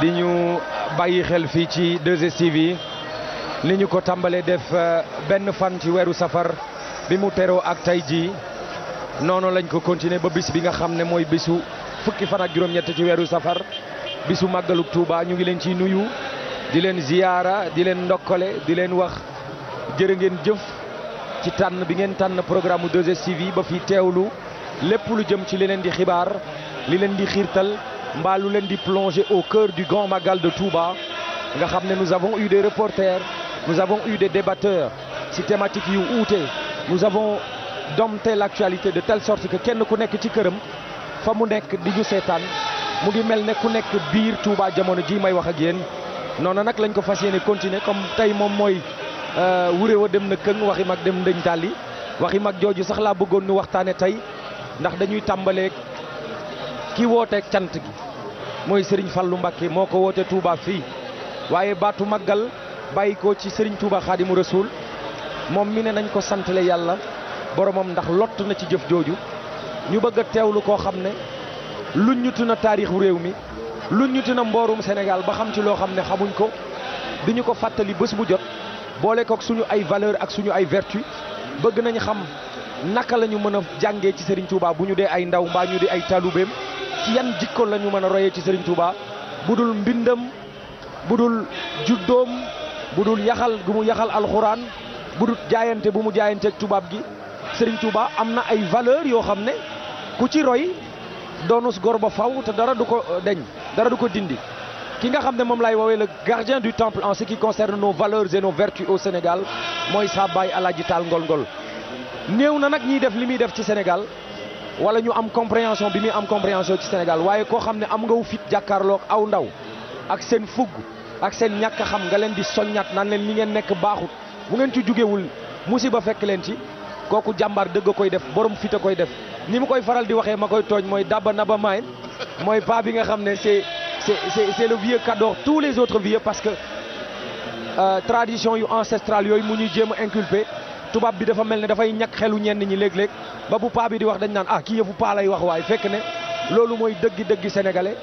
di ñu bàyyi xel fii ci 2STV yi li ñu ko tàmbalee def euh, benn fan ci weeru safar bi mu teroo ak tey jii noonu lañ ko continuer ba bis bi nga xam ne mooy bisu fukki fan ak juróom-ñett ci weeru safar bisu màggaluk Touba ñu ngi leen ciy nuyu di leen ziyaara di leen ndokkale di leen wax jërë ngeen jëf ci tànn bi ngeen tànn programme 2STV ba fi teewlu lépp lu jëm ci li leen di xibaar li leen mbaa lu leen di plonger au cœur du grand magal de Touba nga xam ne nous avons eu des reporters nous avons eu des débatteurs ci thématique yu uute nous avons dompté l'actualité de telle sorte que kenn ku nekk ci këram fa mu nekk di ñu seetaan mu ngi mel ne ku nekk biir Touba jamono ji may wax ak yéen noonu nag lañ ko fas yéene continuer comme tey moom mooy euh, wuréw a dem na këng waxi mag dem ndëñ tàlli waxi mag jooju sax laa bëggoon ñu tey ndax dañuy tàmbaleek ki woote cant gi mooy Serigne Fallou Mbacké moo ko woote Touba fii waaye baatu màggal bàyyi ko ci Serigne Touba Xaadimu Rasuul moom mi ne nañ ko santale yàlla boromam ndax lott na ci jëf jooju ñu bëgg a teewlu koo xam ne luñ ñu tuna taarixu réew mi lu ñu na mboorum Sénégal ba xam ci loo xam ne xamuñ ko di ñu ko fàttali bés bu jot boole kook suñu ay valeur ak suñu ay vertu bëgg nañu xam naka la ñu mën a jàngee ci Serigne Touba bu ñu dee ay ndaw mbaa ñu di ay talubeem ci yan jikkoon lañu ñu mën a royee ci seriñ Touba bu dul mbindam bu dul juddoom bu dul yaxal gu mu yaxal alxuraan bu dul jaayante bu mu jaayanteeg tubaab gi Serigne Touba am na ay valeur yoo xam ne ku ci roy doonus gor ba faw te dara du ko euh, deñ dara du ko dindi ki nga xam ne moom laay woowee le gardien du temple en ce qui concerne nos valeurs et nos au Sénégal mooy sa baay Alaaji Taal Ngol Ngol néew na nag ñiy def li muy def ci Sénégal wala ñu am compréhension bi muy am compréhension ci Sénégal waaye koo xam ne am nga wu fit jàkkaarloog aw ndaw ak seen fugg ak seen ñàkk xam nga leen di soññaat naan leen li ngeen nekk baaxut bu ngeen ci jugewul musiba fekk leen ci kooku jàmbaar dëgg a koy def borom fit a koy def ni mu koy faral di waxee ma koy tooñ mooy dabba naba maay mooy pas bi nga xam ne c'est c'est c'est le vieux qu'adore tous les autres vieux parce que euh, tradition yu ancestrale yooyu mu ñuy jéem a inculper tubaab bi dafa mel ne dafay ñàkk xelu ñenn ñi léeg-léeg ba bu paa bi di wax dañ naan ah kii yëfu paa lay wax waaye fekk ne loolu mooy dëgg-dëgg sénégalais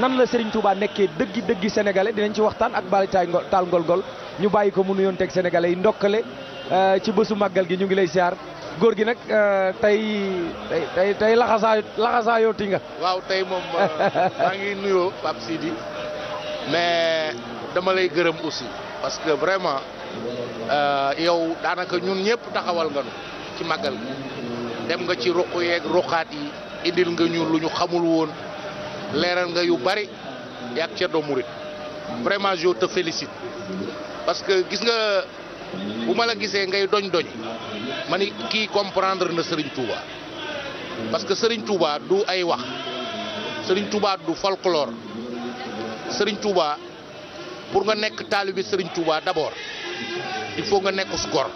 nan la Serigne Touba nekkee dëgg-dëgg sénégalais dinañ ci waxtaan ak Baali Taal Ngol Ngol ñu bàyyi ko mu nuyoon teg sénégalais yi ndokkale euh, ci bësu màggal gi ñu ngi lay siyaar góor gi nag euh, tey tey tey laxasaa laxasaa yooti nga. waaw tey moom euh, maa ngi nuyoo Pape di mais dama lay gërëm aussi parce que vraiment. Euh, yow daanaka ñun ñëpp taxawal nga nu ci màggal dem nga ci ruq yeeg ruqaat yi indil nga ñu lu ñu xamul woon leeral nga yu bari yaag Ceddo Murit vraiment jour te félicite parce que gis nga bu ma la gisee ngay doñ doñ ma ni kii comprendre na Serigne Touba parce que Serigne Touba du ay wax Serigne Touba du folklore Serigne Touba pour nga nekk taalibi Serigne Touba d'abord il faut nga nekku su gor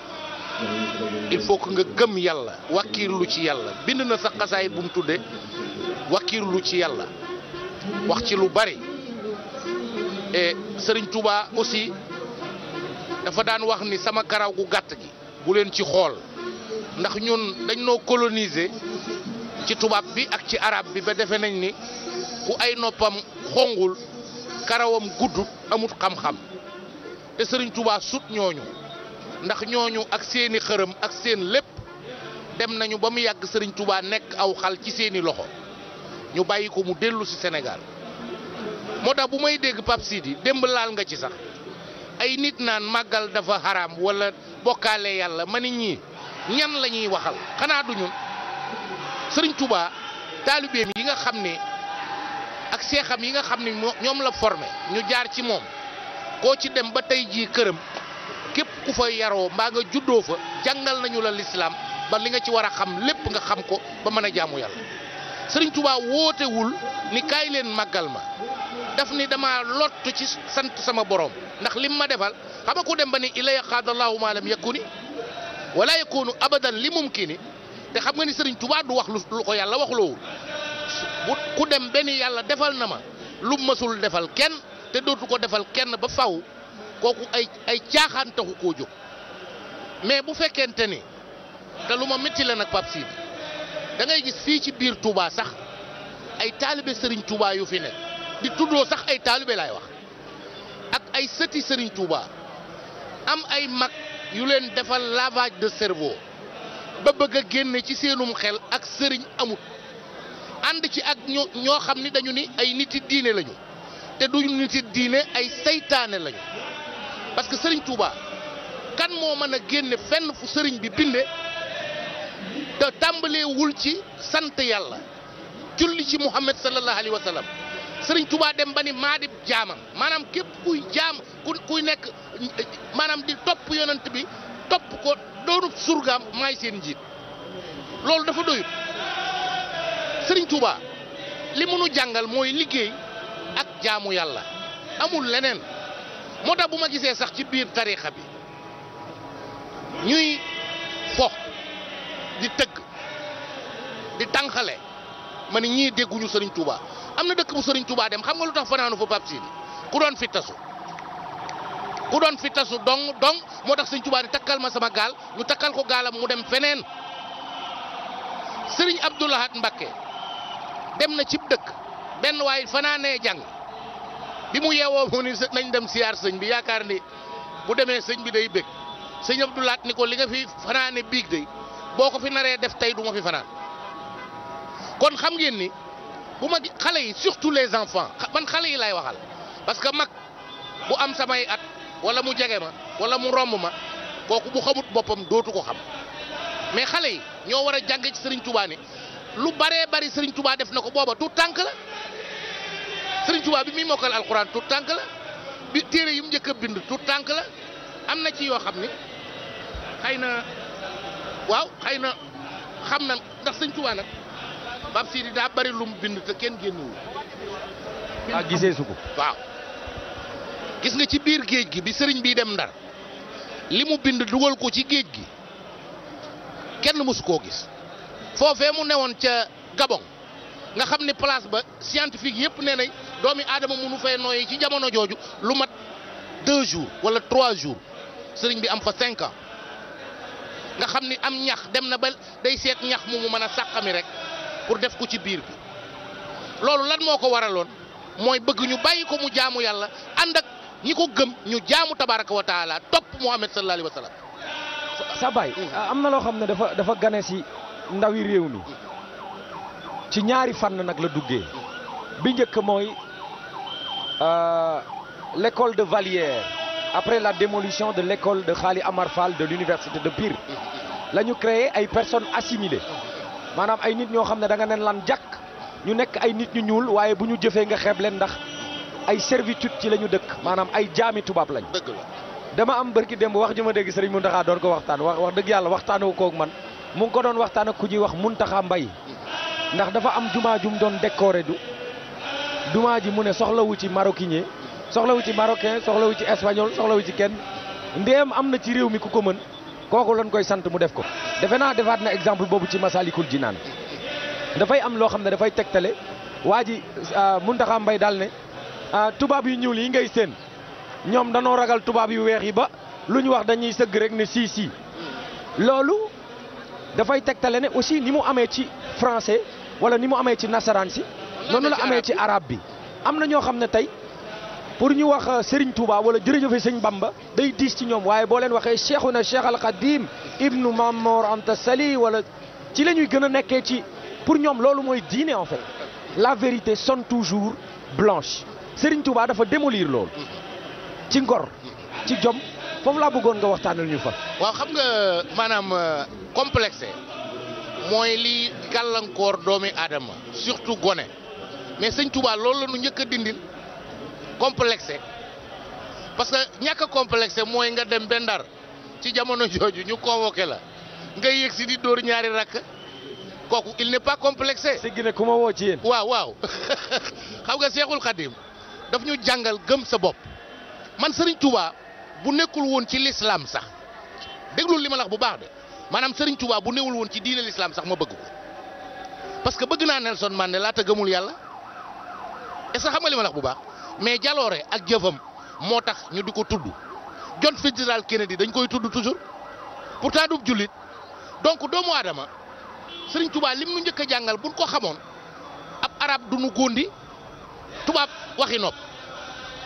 il faut que nga gëm yàlla wàkkiirlu ci yàlla bind na sax xasaay bu mu tuddee wàkkiirlu ci yàlla wax ci lu bari sëriñ e Serigne aussi dafa daan wax ni sama karaw gu gàtt gi bu leen ci xool ndax ñun dañ loo coloniser ci tubaab bi ak ci araab bi ba defe nañ ni ku ay noppam xongul karawam gudd amut xam-xam. te sëriñ Touba sut ñooñu ndax ñooñu ak seeni xërëm ak seen lépp dem nañu ba mu yàgg sëriñ Touba nekk aw xal ci seeni loxo ñu bàyyi ko mu dellu si Sénégal moo tax bu may dégg Pape Sidi démb laal nga ci sax ay nit naan màggal dafa xaraam wala bokkaale yàlla ma ni ñi ñan la ñuy waxal xanaa du ñun sëriñ tubaa taalibeem yi nga xam ne ak seexam yi nga xam ne ñoom la formé ñu jaar ci moom. koo ci dem ba tey jii këram képp ku fa yaroo mbaa nga juddoo fa jàngal nañu la lislaam ba li nga ci war a xam lépp nga xam ko ba mën a jaamu yàlla sëriñ Tuubaa wootewul ni kay leen màggal ma daf ni dama lottu ci sant sama borom ndax lim ma defal xam ku dem ba ni ilaya xaadallahu ma lam yakuni wala yakunu abadan li kii ni te xam nga ni sëriñ Tuubaa du wax lu ko yàlla waxulowul ku dem benn yàlla defal na ma lu mësul defal kenn te dootu ko defal kenn ba faw kooku ay ay caaxaan taxu koo jóg mais bu fekkente ni te lu ma métti la nag Pape Sidi da gis fii ci biir Touba sax ay taalibe sëriñ Touba yu fi ne di tuddoo sax ay taalibe laay wax ak ay sëti sëriñ Touba am ay mag yu leen defal lavage de servo ba bëgg a génne ci seenum xel ak sëriñ amut ànd ci ak ñoo xam ni dañu ni ay niti diine lañu. te duñu niti diine ay seytaane lañu parce que Serigne Touba kan moo mën a génne fenn fu Serigne bi binde te tàmbaleewul ci sant yàlla julli ci Muhammad sallallahu alayhi wa sëriñ Serigne dem ba ni maa di jaamam maanaam képp kuy jaam ku kuy nekk maanaam di topp yonent bi topp ko doonub surgaam maay seen njiit loolu dafa doyut sëriñ Touba li mënu jàngal mooy liggéey. ak jaamu yàlla amul leneen moo tax bu ma gisee sax ci biir tariixa bi ñuy fo di tëgg di tànqale ma ni ñii dégguñu sëriñ Touba am na dëkk bu sëriñ Touba dem xam nga lu tax fanaanu fa Pape Sidi ku doon fi tasu ku doon fi tasu dong dong moo tax Serigne Touba di takkal ma sama gaal ñu takkal ko gaalam mu dem feneen sëriñ Abdoulahat Mbacké dem na cib dëkk benn waay fanaane jàng bi mu yeewoo mu ni nañ dem siyaar sëñ bi yaakaar ni bu demee sëñ bi day bëgg sëñ Abdou Lahat ni ko li nga fi fanaane biig day boo ko fi naree def tey du ma fi fanaan kon xam ngeen ni bu ma xale yi surtout les enfants man xale yi lay waxal parce que mag bu am samay at wala mu jege ma wala mu romb ma kooku bu xamut boppam dootu ko xam mais xale yi ñoo war a jànge ci Serigne Touba lu baree bari Serigne Touba def na ko booba tout tànk la Serigne Touba bi muy mokkal alxuraan tuut tànk la bi téere yi mu njëkk bind tuut tànk la am na ci yoo xam ni xëy na waaw xëy na xam na ndax Serigne Touba nag Bab Sidi daa bari lu mu bind te kenn génnewul. ah gisee su ko. waaw gis nga ci biir géej gi bi sëriñ bi dem Ndar li mu bind dugal ko ci géej gi kenn mësu koo gis foofee mu newoon ca Gabon. nga xam ne place ba scientifique yëpp nee nañ doomi aadama munu fay nooyi ci jamono jooju lu mat deux jours wala trois jour sëriñ bi am fa cinq nga xam ni am ñax dem na ba day seet ñax mu mu mën a sàqami rek pour def ko ci biir bi loolu lan moo ko waraloon mooy bëgg ñu bàyyi ko mu jaamu yàlla ànd ak ñi ko gëm ñu jaamu tabaraka wa taala topp Muhammad sallallahu alayhi wa sallam sa baay mm-hmm. am na loo xam ne dafa dafa gane si ndawi réew mi mm-hmm. ci ñaari fan nag la duggee mm-hmm. bi njëkk mooy euh, l'école de Vallière après la démolition de l'école de Khali Amar Fall de l'université de Pire lañu ñu ay personne assimilées maanaam ay nit ñoo xam ne da nga leen lan jàkk ñu nekk ay nit ñu ñuul waaye bu ñu jëfee nga xeeb leen ndax ay servitude ci la ñu dëkk maanaam ay jaami tubaab lañ dama am bërki démb wax ji ma dégg Serigne Mountakha doon ko waxtaan wax wax dëgg yàlla waxtaanu koog man mu ngi ko doon waxtaan ku ñuy wax Mountakha Mbaye ndax dafa am jumaa jum doon décoré du dumaa ji mu ne soxlawu ci maroquinier soxlawu ci marocain soxlawu ci espagnol soxlawu ci kenn ndéem am na ci réew mi ku ko mën kooku lañ koy sant mu def ko. defe naa defaat na exemple boobu ci Masalikul naan dafay am loo xam ne dafay tegtale waa ji mun ah, Muntaxa Mbay daal ne ah, tubaab yu ñuul yi ngay séen ñoom danoo ragal tubaab yu weex yi ba lu ñu wax dañuy sëgg rek ne sii sii loolu dafay tegtale ne aussi ni mu amee ci français wala ni mu amee ci nasaraan si. noonu la amee ci arab bi am na ñoo xam ne tey pour ñu wax euh, Serigne Touba wala jërëjëfe Sëñ Bamba day diis ci ñoom waaye boo leen waxee Cheikhuna na Al Khadim Ibnu Mamor Anta Sali wala ci la ñuy gën a nekkee ci pour ñoom loolu mooy diine en la vérité sonne toujours blanche Serigne Touba dafa démolir loolu ci ngor ci jom foofu laa bëggoon nga waxtaanal ñu fa. waaw xam nga maanaam euh, complexe mooy li gàllankoor doomi aadama surtout gone. mais sëñ Touba loolu la ñu njëkk a dindil complexé parce que ñàkk a mooy nga dem benn Ndar ci jamono jooju ñu convoqué la nga yéeg si di dóor ñaari rakk kooku il n'est pas complexé. ku ma woo ci waaw waaw xam nga Seexul Xadim daf ñu jàngal gëm sa bopp man Serigne tubaa bu nekkul woon ci l'islam sax déglul li ma la bu baax de maanaam Serigne Touba bu newul woon ci diine l'islam sax ma bëgg ko parce que bëgg naa Nelson Mandela te gëmul yàlla. est-ce que li ma la bu baax mais jaloore ak jëfam moo tax ñu di ko tudd John Fitzgerald Kennedy dañ koy tudd toujours pourtant du jullit donc doomu aadama Serigne Touba lim nu njëkk a jàngal buñ ko xamoon ab arab du nu góondi tubaab waxi nopp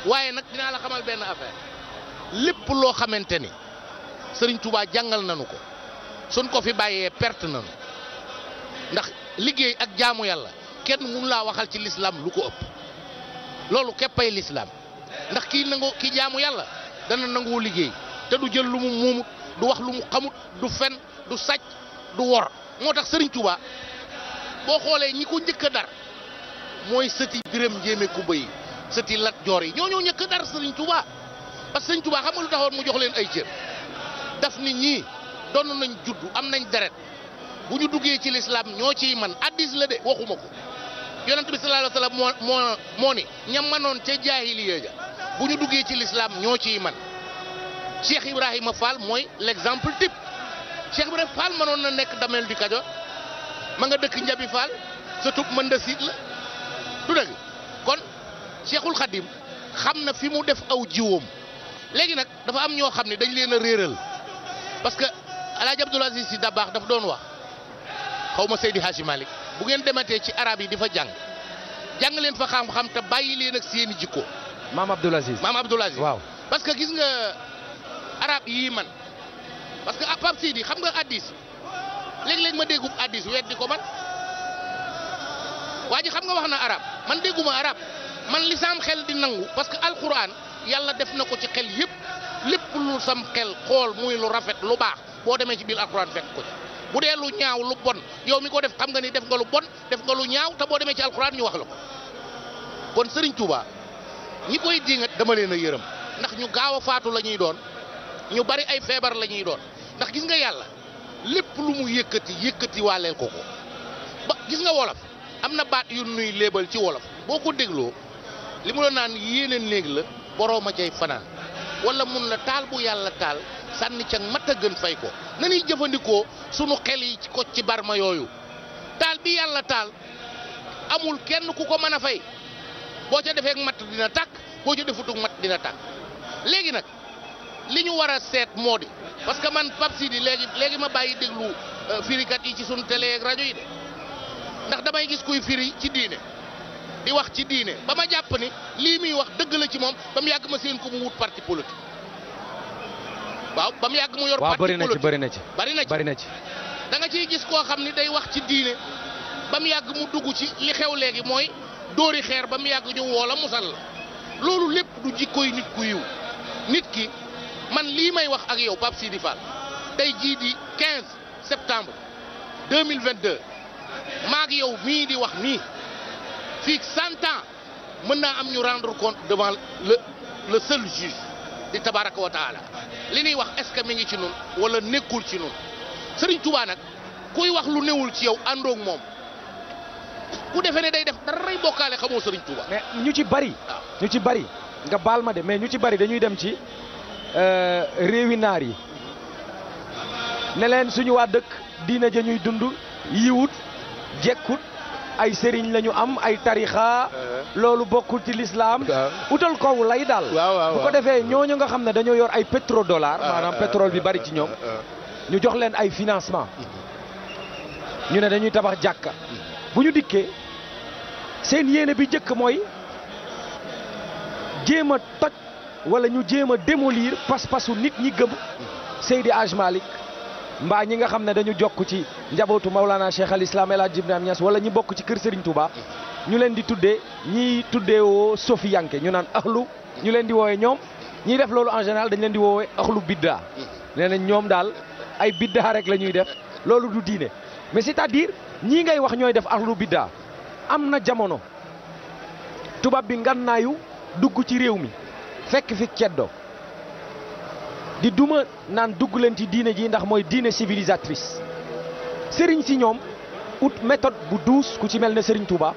waaye nag dinaa la xamal benn affaire lépp loo xamante ni sëriñ Touba jàngal nañu ko suñ ko fi bàyyee perte nañu ndax liggéey ak jaamu yàlla kenn mënu laa waxal ci lislaam lu ko ëpp. loolu keppay lislaam ndax kii nangoo ki jaamu yàlla dana nangoo liggéey te du jël lu mu muumut du wax lu mu xamut du fen du sàcc du wor moo tax sëriñ Touba boo xoolee ñi ko njëkk a dar mooy sëti Biram Njéeme Kumba yi sëti Lat Joor yi ñoo ñoo njëkk a dar parce que Serigne Touba xam lu taxoon mu jox leen ay cër daf ni ñii donn nañ juddu am nañ deret bu ñu duggee ci lislaam ñoo ciy man addis la de waxuma ko. yonent bi sallallahu alayhi wa sallam moo moo ni ña manoon ca jaahiliya ja bu ñu duggee ci lislaam ñoo ciy man Cheikh Ibrahima Fall mooy l'exemple type Cheikh Ibrahima Fall mënoon na nekk dameel du Kajoor ma nga dëkk Njabi Fall sa tub mën da siit la du dëgg kon Cheikhul Khadim xam na fi mu def aw jiwoom léegi nag dafa am ñoo xam ne dañ leen a réeral parce que El Hadj Abdoul Aziz Sy Dabakh daf doon wax xaw ma Seydi Hadji Malick bu ngeen dematee ci arab yi di fa jàng jàng leen fa xam-xam te bàyyi leen ak seeni jikko. maam Abdoul Aziz maam waaw parce que gis nga arab yii man parce que Pape Sidi xam nga addis léeg-léeg ma déggub addis weddi ko man waa ji xam nga wax na arab man dégguma arab man li sam xel di nangu parce que alquran yàlla def na ko ci xel yëpp lépp lu sam xel xool muy lu rafet lu baax boo demee ci biir alquran fekk ko ci. bu dee lu ñaaw lu bon yow mi ko def xam nga ni def nga lu bon def nga lu ñaaw te boo demee ci alxuraan ñu wax la ko kon Serigne Touba ñi koy diingat dama leen a yërëm ndax ñu gaaw a faatu la ñuy doon ñu bari ay feebar lañuy doon ndax gis nga yàlla lépp lu mu yëkkati yëkkati waaleel ko ko ba gis nga wolof am na baat yu nuy léebal ci wolof boo ko dégloo li mu doon naan yéene néeg la borooma cay fanaan wala mun la taal bu yàlla taal sànni ca mat a gën fay ko nañuy jëfandikoo sunu xel yi ko ci barma yooyu taal bi yàlla taal amul kenn ku ko mën a fay boo ca defee matt dina tàkk boo ca defutug matt dina tàkk léegi nag li ñu war a seet moo di parce que man Pape Sidi léegi léegi ma bàyyi déglu euh, firikat yi ci sunu télé rajo yi de ndax damay gis kuy firi ci diine. di wax ci diine ba ma jàpp ni lii muy wax dëgg la ci moom ba mu yàgg ma seen ko mu wut parti politique waaw ba mu yàgg mu yor parti politique waaw bëri na ci bëri na ci na ci da nga ciy gis koo xam ni day wax ci diine ba mu yàgg mu dugg ci li xew léegi mooy dóori xeer ba mu yàgg ñu woo la musal la loolu lépp du jikkoy nit ku yiw nit ki man lii may wax ak yow Pape Sidi Fall tey jii di 15 septembre 2022 maa ak yow mii di wax nii fii cent ans mën naa am ñu rendre compte devant le le seul juge di tabaraka wa taala li ñuy wax est-ce que mi ngi ci nun wala nekkul ci nun Serigne Touba nag kuy wax lu newul ci yow àndoog moom ku defee ne day def daray bokkaale xamoo Serigne Touba. mais ñu ci bari. ñu ci bari nga baal ma de mais ñu ci bari dañuy dem ci euh, réewi naar yi ne suñu waa dëkk diina ja ñuy dund yiwut jekkut. ay sëriñ la ñu am ay tarixa uh-huh. loolu bokkul ci lislaam utal kow lay daal bu ko defee ñoo ñu nga xam ne dañoo yor ay pétrodollar uh-huh. maanaam pétrole bi bari ci ñoom uh-huh. ñu jox leen ay financement ñu ne dañuy tabax jàkka bu ñu dikkee seen yéene bi njëkk mooy jéem a toj wala ñu jéem a démolir pas-pasu nit ñi gëm Seydi Aj Malick mbaa ñi nga xam ne dañu jokk ci njabootu Maulana Cheikh al Islam El Hadj Ibrahima Niass wala ñu bokk ci kër Serigne Touba ñu leen di tuddee ñiy tuddee woo sofiyanke ñu naan axlu ñu leen di woowee ñoom ñiy def loolu en général dañ leen di woowee axlu biddaa nee nañ ñoom daal ay biddaa rek la ñuy def loolu du diine mais cest ñii ngay wax ñooy def axlu biddaa am na jamono tubaab bi ngannaayu dugg ci réew mi fekk fi ceddo di duma naan dugg leen ci diine ji ndax mooy diine civilisatrice sëriñ si ñoom ut méthode bu douce ku ci mel ne sëriñ Touba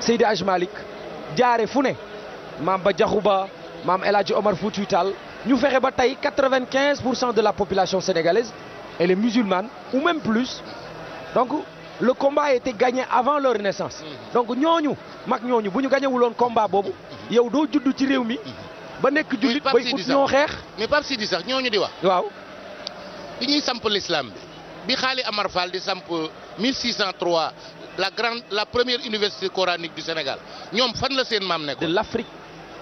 Seydi Aj Malik jaare fu ne maam ba jaxu ba maam El Hadji Omar Foutiou Tall ñu fexe ba tey quatre-vingt-quinze pour cent de la population sénégalaise elle est musulmane ou même plus donc le combat était gagné avant leur naissance mm-hmm. donc ñooñu mag ñooñu bu ñu gañewuloon combat boobu yow doo judd ci réew mi mm-hmm. ba nekk jullit bay ut ñoo xeex mais Pape Sidi sax ñooñu di wax waaw bi ñuy samp l'islam bi bi xaali Amar Fall di samp 1603 la grande la première université coranique du Sénégal ñoom fan la seen maam nekkoon de l'Afrique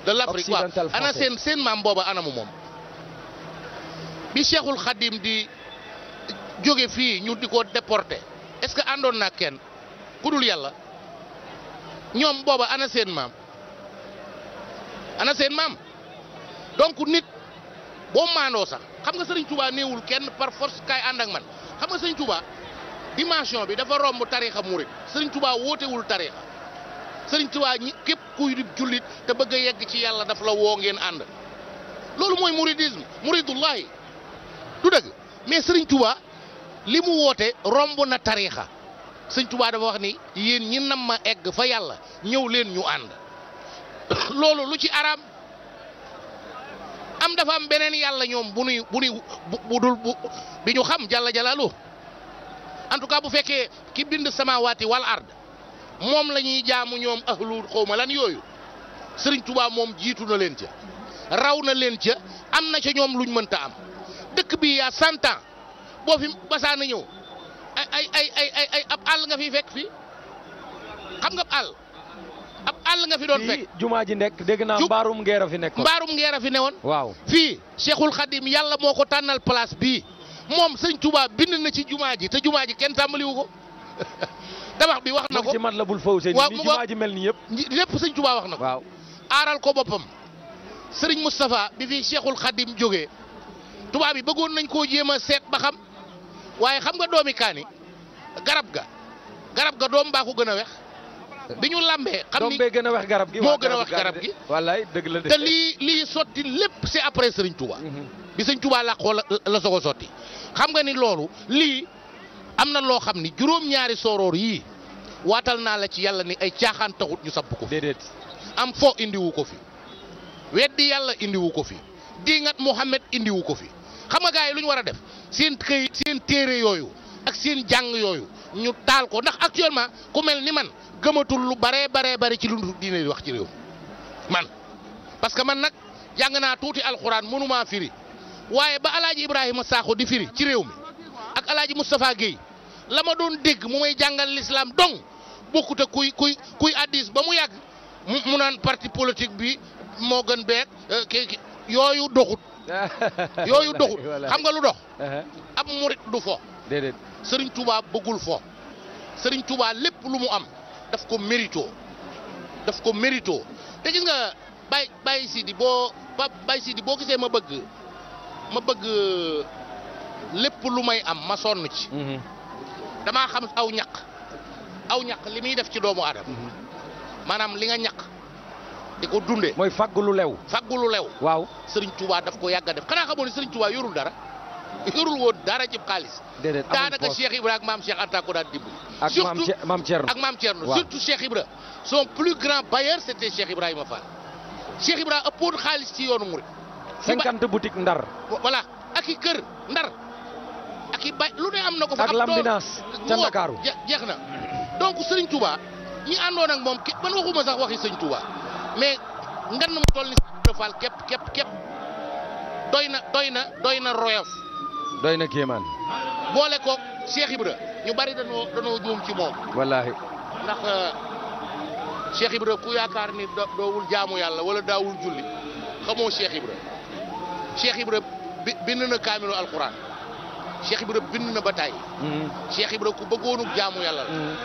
de l'Afrique waaw ana seen seen maam booba anamu moom bi Cheikhul Khadim di jóge fii ñu di ko déporté est-ce que àndoon naa kenn ku dul yàlla ñoom booba ana seen maam ana seen maam donc nit boo maandoo sax xam nga sëriñ Touba néewul kenn par force kaay ànd ak man xam nga sëriñ Touba dimension bi dafa romb tariixa murit sëriñ Touba wootewul tariixa sëriñ Touba ñi képp kuy di jullit te bëgg a yegg ci yàlla daf la woo ngeen ànd loolu mooy muridisme muridullahi du dëgg mais sëriñ Touba li mu woote romb na tarixa sëriñ Touba dafa wax ni yéen ñi nam ma egg fa yàlla ñëw leen ñu ànd loolu lu ci araam am dafa am beneen yàlla ñoom bu nuy bu nuy bu dul bu bi ñu xam jàlla jalaalu en tout cas bu fekkee ki bind samawaati wal ard moom la ñuy jaamu ñoom ahlu xawma lan yooyu Sëriñ Tuubaa moom jiitu na leen ca raw na leen ca am na ca ñoom luñ mënta am dëkk bi yaa cent ans boo fi basaana ñëw ay ay ay ay ay ab àll nga fi fekk fi xam nga ab àll ab àll nga fi doon fekk. jumaa ji nekk dégg na mbaarum ngeer a fi nekk mbaarum ngeer a fi newoon. waaw fii Cheikhul Khadim yàlla moo ko tànnal place bi moom sëñ Touba bind na ci jumaa ji te jumaa ji kenn tàmbaliwu ko tabax bi wax na ko. ci mat bul faw seen nii jumaa ji mel ni yëpp. lépp sëñ Touba wax na ko. aaral ko boppam Serigne Moustapha bi fi Cheikhul Khadim jógee tubaab bi bëggoon nañ koo jéem a seet ba xam waaye xam nga doomi kaani garab ga garab ga doom ba ko gën a wex bi ñu lambee. xam ni gën a wax garab gi. moo gën a wax garab gi wallaay dëgg la te lii lii sotti lépp si après Serigne Touba. Mhm. bi Serigne Touba làqoo la la soog a sotti. xam nga ni loolu lii am na loo xam ni juróom-ñaari soroor yii waatal naa la ci yàlla ni ay caaxaan taxut ñu sabb ko fi. am fo indiwu ko fi. weddi yàlla indiwu ko fi. diingat Mouhamed indiwu ko fi. xam nga gars yi lu war a def seen këyit seen téere yooyu ak seen jàng yooyu. ñu taal ko ndax actuellement ku mel ni man gëmatul lu baree baree bari ci lu diine di wax ci réew man parce que man nag jàng naa tuuti alxuraan mënumaa firi waaye ba alaaji Ibrahima Sakho di firi ci réew mi ak alaaji Moustapha Guèye la ma doon dégg mu may jàngal l'islam dong bokkute kuy kuy kuy addis ba mu yàgg mu naan parti politique bi moo gën beeg euh, kii yooyu doxut yooyu doxut xam nga lu dox uh-huh. ab murit du fo Serigne Touba bëggul fo sëriñ Touba lépp lu mu am daf ko mérito daf ko mérito te gis nga Baye Baye Sidi boo ba Baye boo gisee ma bëgg ma bëgg lépp lu may am ma sonn ci. Mhm. damaa xam aw ñaq aw ñaq li muy def ci doomu aadama mhm. maanaam li nga ñaq di ko dundee. mooy fagg lu lew. fagg lu lew. waaw Serigne Touba daf ko yàgg a def xanaa xamoon ne Serigne Touba yorul dara. yorul woon dara ci xaalis. déedéet daanaka Cheikh Ibra ak maam Cheikh Anta ko daan dimbali. ak maam Thierno surtout ak maam son plus grand bailleur c' était Cheikh Ibrahima Fall. Cheikh Ibra ëppoon xaalis ci yoonu Mouride. cinquante boutique ndar. voilà ak i kër ndar ak i bay lu ne am na ko. fa am doon ca Ndakaaru jeex na donc Serigne Touba ñi àndoon ak moom ki waxuma sax waxi Serigne Touba mais ngan mu toll ni Cheikh Ibra Fall képp képp képp na doy na na royof. doy na kéemaan. boole koog Cheikh ñu bari danoo danoo juum ci moom. ndax euh, Cheikh ku yaakaar ni doowul jaamu yàlla wala daawul julli xamoo Cheikh Ibra bi bind na kaamilu alquran Cheikh Ibra bind na ba tàyyi. Mm-hmm. Cheikh Ibra ku bëggoonu jaamu yàlla la. Mm-hmm.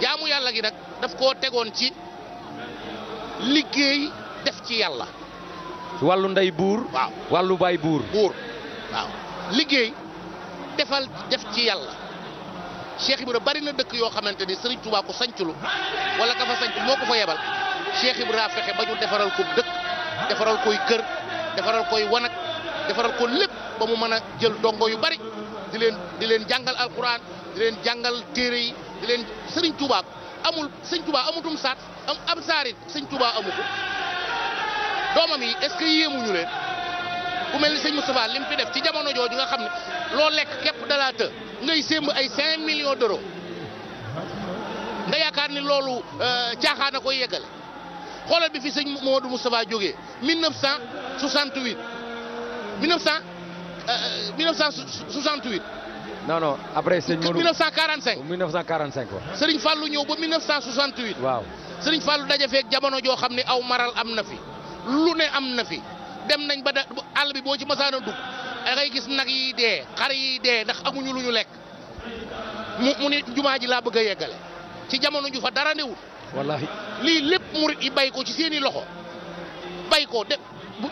jaamu yàlla gi nag daf koo tegoon ci liggéey def ci yàlla. wàllu ndey buur. waaw wàllu baay buur. buur waaw. liggéey defal def ci yàlla Cheikh Ibra bari na dëkk yoo xamante ni sëriñ Touba ko sanculu wala ka fa sanc moo ko fa yebal Cheikh fexe ba ñu defaral ko dëkk defaral koy kër defaral koy wanag defaral ko lépp ba mu mën a jël dongo yu bari di leen di leen jàngal alquran di leen jàngal téere yi di leen sëriñ Touba amul sëñ Touba amutum saat am am saarit sëñ Touba amu doomam yi est-ce que leen. ku mel ni sëñ Moustapha li mu fi def ci jamono jooju nga xam ne loo lekk képp dalaa të ngay sémb ay 5 millions d'euros nga yaakaar ni loolu euh, caaxaan a koy yeggale xoolal bi fi sëñ Modou Moustapha jógee 1968 1900 1968. non non après sëñ Modou 1945 1945 waaw. Serigne Fallou ñëw ba 1968. waaw Serigne Fallou daje feeg jamono joo xam ne aw maral am na fi lu ne am na fi. dem nañ ba da àll bi boo ci masaana dugg dangay gis nag yi dee xar yi dee ndax amuñu lu ñu lekk mu ni jumaa ji laa bëgg a yeggale ci jamono ju fa dara newul wallaahi lii lépp murit bay ko ci seeni loxo bay ko de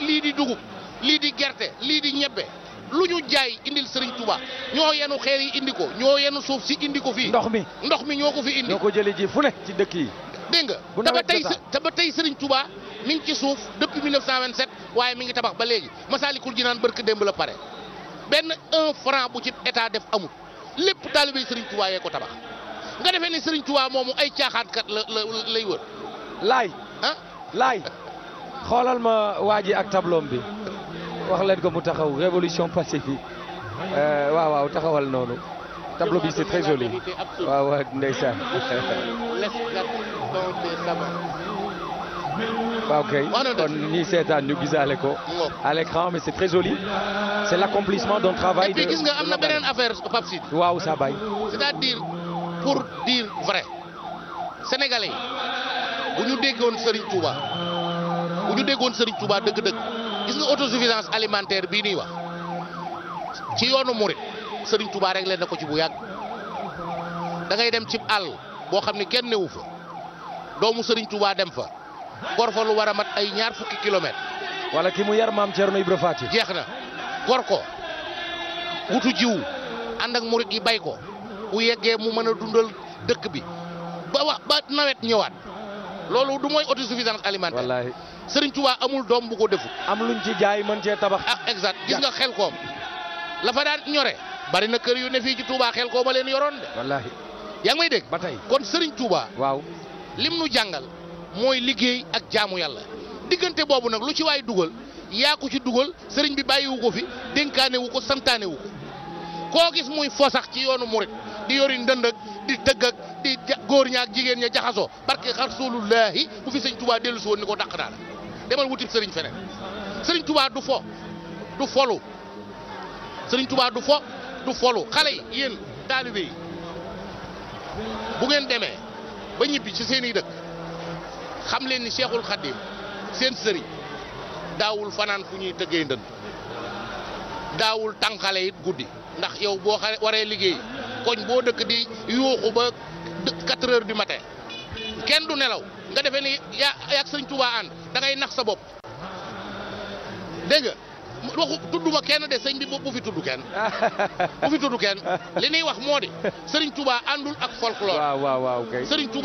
lii di dugub lii di gerte lii di ñebbe lu ñu jaay indil Serigne Touba ñoo yenu xeer yi indi ko ñoo yenu suuf si indi ko fii. ndox mi ndox mi ñoo ko fi indi. ñoo ko jëlee ji fu ne ci dëkk yi. dégg nga te ba tey te ba tey Serigne Touba mi ngi ci suuf depuis 1927 waaye mi ngi tabax ba léegi Masaalikul Jinaan barke démb la pare benn un franc bu ci état def amul lépp taalibe Serigne Touba yee ko tabax nga defee ni Serigne Touba moomu ay caaxaankat la la lay wër. laay ah laay xoolal ma waa ji ak tablom bi wax leen ko mu taxaw révolution pacifique euh, waaw waaw taxawal noonu. tableau bi c'est très joli waaw waaw ndeysaan waaw kay kon ñi seetaan c'est l'accomplissement d'un travail de gis nga am na beneen affaire Pape Sid waaw c'est-à-dire pour dire vrai sénégalais bu ñu déggoon Serigne Touba bu ñu gis nga autosuffisance alimentaire bii nii wax ci yoonu Mouride Serigne Touba rek leen na ko ci bu yàgg da ngay dem ci àll boo xam ne kenn newu fa doomu sëriñ tubaa dem fa gor fa lu war a mat ay ñaar fukki kilomètre. wala ki mu yar maam Thierno Ibra Faty. jeex na gor ko wutu jiw ànd ak murit bay ko u yeggee mu mën a dundal dëkk bi ba wa ba nawet ñëwaat loolu du mooy autosuffisance alimentaire. wallaay Serigne Touba amul doom bu ko defu. am luñ ci jaay mën cee tabax. ak ah, exact gis nga xel koom la daan ñore. bari na kër yu ne fii ci Touba xel koo ma leen yoroon de. wallaahi yaa ngi may dégg. kon Serigne Touba. waaw lim nu jàngal mooy liggéey ak jaamu yàlla diggante boobu nag lu ci waay dugal yaa ko ci dugal sëriñ bi bàyyiwu ko fi dénkaane wu ko santaane wu ko koo gis muy sax ci yoonu murit di yori ndënd di tëgg di góor ña ak jigéen ña jaxasoo barke Rasulullaahi bu fi sëñ Touba dellu si woon ni ko dàq daal demal wutit sëriñ feneen Serigne Touba du fo du folu du folu xale yi yéen taalibe yi bu ngeen demee ba ñibbi ci seen i dëkk xam leen ni Cheikhul Khadim seen sëriñ daawul fanaan fu ñuy tëggee ndënd daawul tànqale it guddi ndax yow boo xa waree liggéey koñ boo dëkk di yuuxu ba quatre heures kenn du nelaw nga defee ni yaa yaa ak sëñ ànd da ngay nax sa bopp dégg waxu tudduma kenn de sëñ bi bu fi tudd kenn bu fi tudd li ñuy wax moo di sëriñ Touba àndul ak folklore. waaw waaw waaw kay Serigne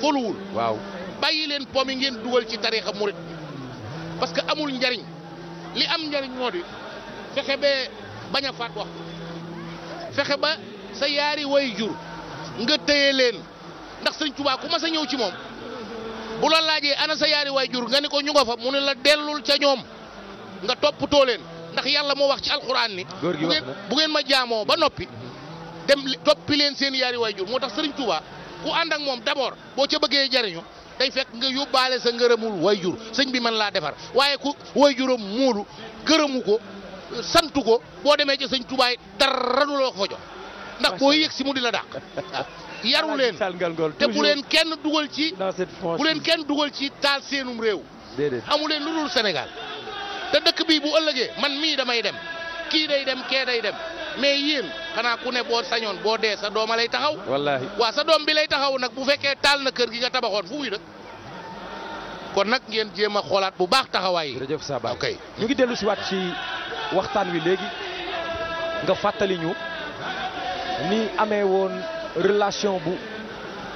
foluwul. waaw bàyyi leen pom yi ngeen dugal ci tariixa murit parce que amul njariñ li am njariñ moo di fexe ba bañ faat wax fexe ba sa yaari way jur nga téye leen ndax Serigne Touba ku ma sa ñëw ci moom bu la laajee ana sa yaari way jur nga ni ko ñu nga fa mu ne la dellul ca ñoom. nga toppatoo leen ndax yàlla moo wax ci alxuraan ni bu ngeen ma jaamoo ba noppi dem toppi leen seen yaari waajur moo tax sëriñ Touba ku ànd ak moom d'abord boo ca bëggee jariñu day fekk nga yóbbaale sa ngërëmul waajur sëñ bi mën laa defar waaye ku waajuram muulu gërëmu ko santu ko boo demee ci sëñ Touba yi dara du la ko fa jox ndax koo yëg si mu di la dàq yaru leen te bu leen kenn dugal ci bu leen kenn dugal ci taal seenum réew amu leen lu dul Sénégal te dëkk bii bu ëllëgee man mii damay dem kii day dem kee day dem mais yéen xanaa ku ne boo sañoon boo dee sa dooma lay taxaw. wallaahi waaw sa doom bi lay taxaw nag bu fekkee taal na kër gi nga tabaxoon fu muy dëkk kon nag ngeen jéem a xoolaat bu baax taxawaay yi. jërëjëf Saba ok ñu ngi dellu si waat ci waxtaan wi léegi nga fàttali ñu ni amee woon relation bu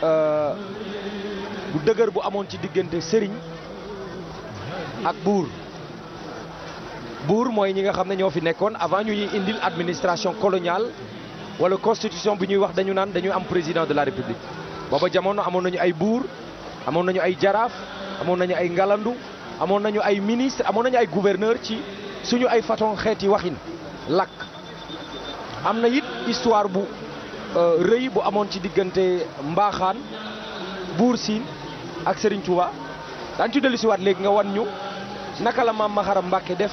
euh, bu dëgër bu amoon ci diggante sëriñ ak buur. buur mooy ñi nga xam ne ñoo fi nekkoon avant ñuy indil administration coloniale wala constitution bi ñuy wax dañu naan dañuy am président de la république booba jamono amoon nañu ay buur amoon nañu ay jaraaf amoon nañu ay ngalandu amoon nañu ay ministre amoon nañu ay gouverneur ci suñu ay façon xeeti waxin lakk am na it histoire bu euh, rëy bu amoon ci diggante mbaaxaan buur siin ak Serigne Touba daañu ci dellu si waat léegi nga wan ñu naka la maam Maxaram Mbàkke def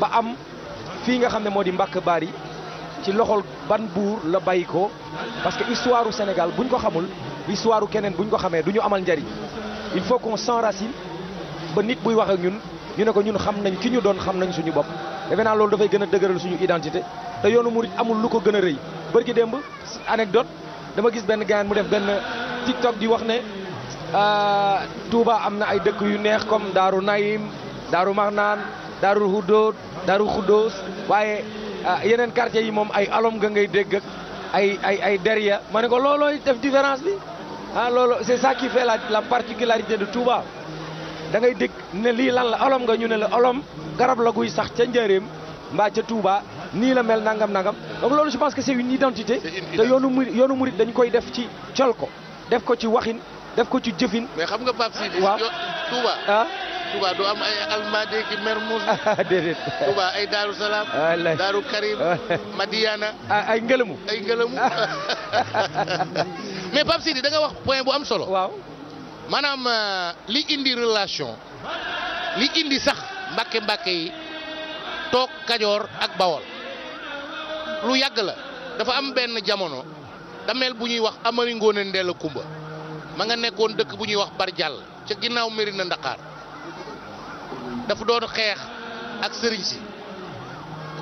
ba am fii nga xam ne moo di Mbàkke Bari ci loxol ban buur la bàyyi ko parce que histoire u Sénégal bu buñ ko xamul histoire u keneen bu ñu ko xamee du ñu amal njariñ il faut qu'on s'enracine ba nit buy wax ak ñun ñu ne ko ñun xam nañ ki ñu doon xam nañ suñu bopp defe naa loolu dafay gën a dëgëral suñu identité te yoonu mu murit amul lu ko gën a rëy bërki démb anecdote dama gis benn gaan mu def benn tiktok di wax ne euh, Touba am na ay dëkk yu neex comme Daaru Naïm Daaru Daarul Hudóot Daarul Xudóos waaye ah, yeneen quartier yi moom ay aloom nga ngay dégg ak ay ay ay derrière ma ne ko loolooy def différence bi ah loolu c'est ça qui fait la la particularité de Touba da ngay dégg ne lii lan la aloom nga ñu ne la aloom garab la guy sax ca njëreem mbaa ca Touba nii la mel nangam nangam donc loolu je pense que c'est une identité te yoonu murit yoonu murit dañ koy def ci col ko def ko ci waxin def ko ci jëfin mais xam nga Pape Sidi Touba ah. Touba du am ay almadi ki Mermoz. Ah, déedéet. Touba ay Daaru Salaam. Daaru Karim. Madiana. Ah, ay ngëlëmu. ay ngëlëmu mais Pape Sidi da wax point bu am solo. waaw maanaam euh, li indi relation li indi sax mbàkke mbàkke yi toog Kajoor ak Bawol lu yàgg la dafa am benn jamono dameel bu ñuy wax Amari Ngoone Ndella Kumba ma nga nekkoon dëkk bu ñuy wax Barjàll ca ginnaaw Mérina Ndakaar dafa doon xeex ak sëriñ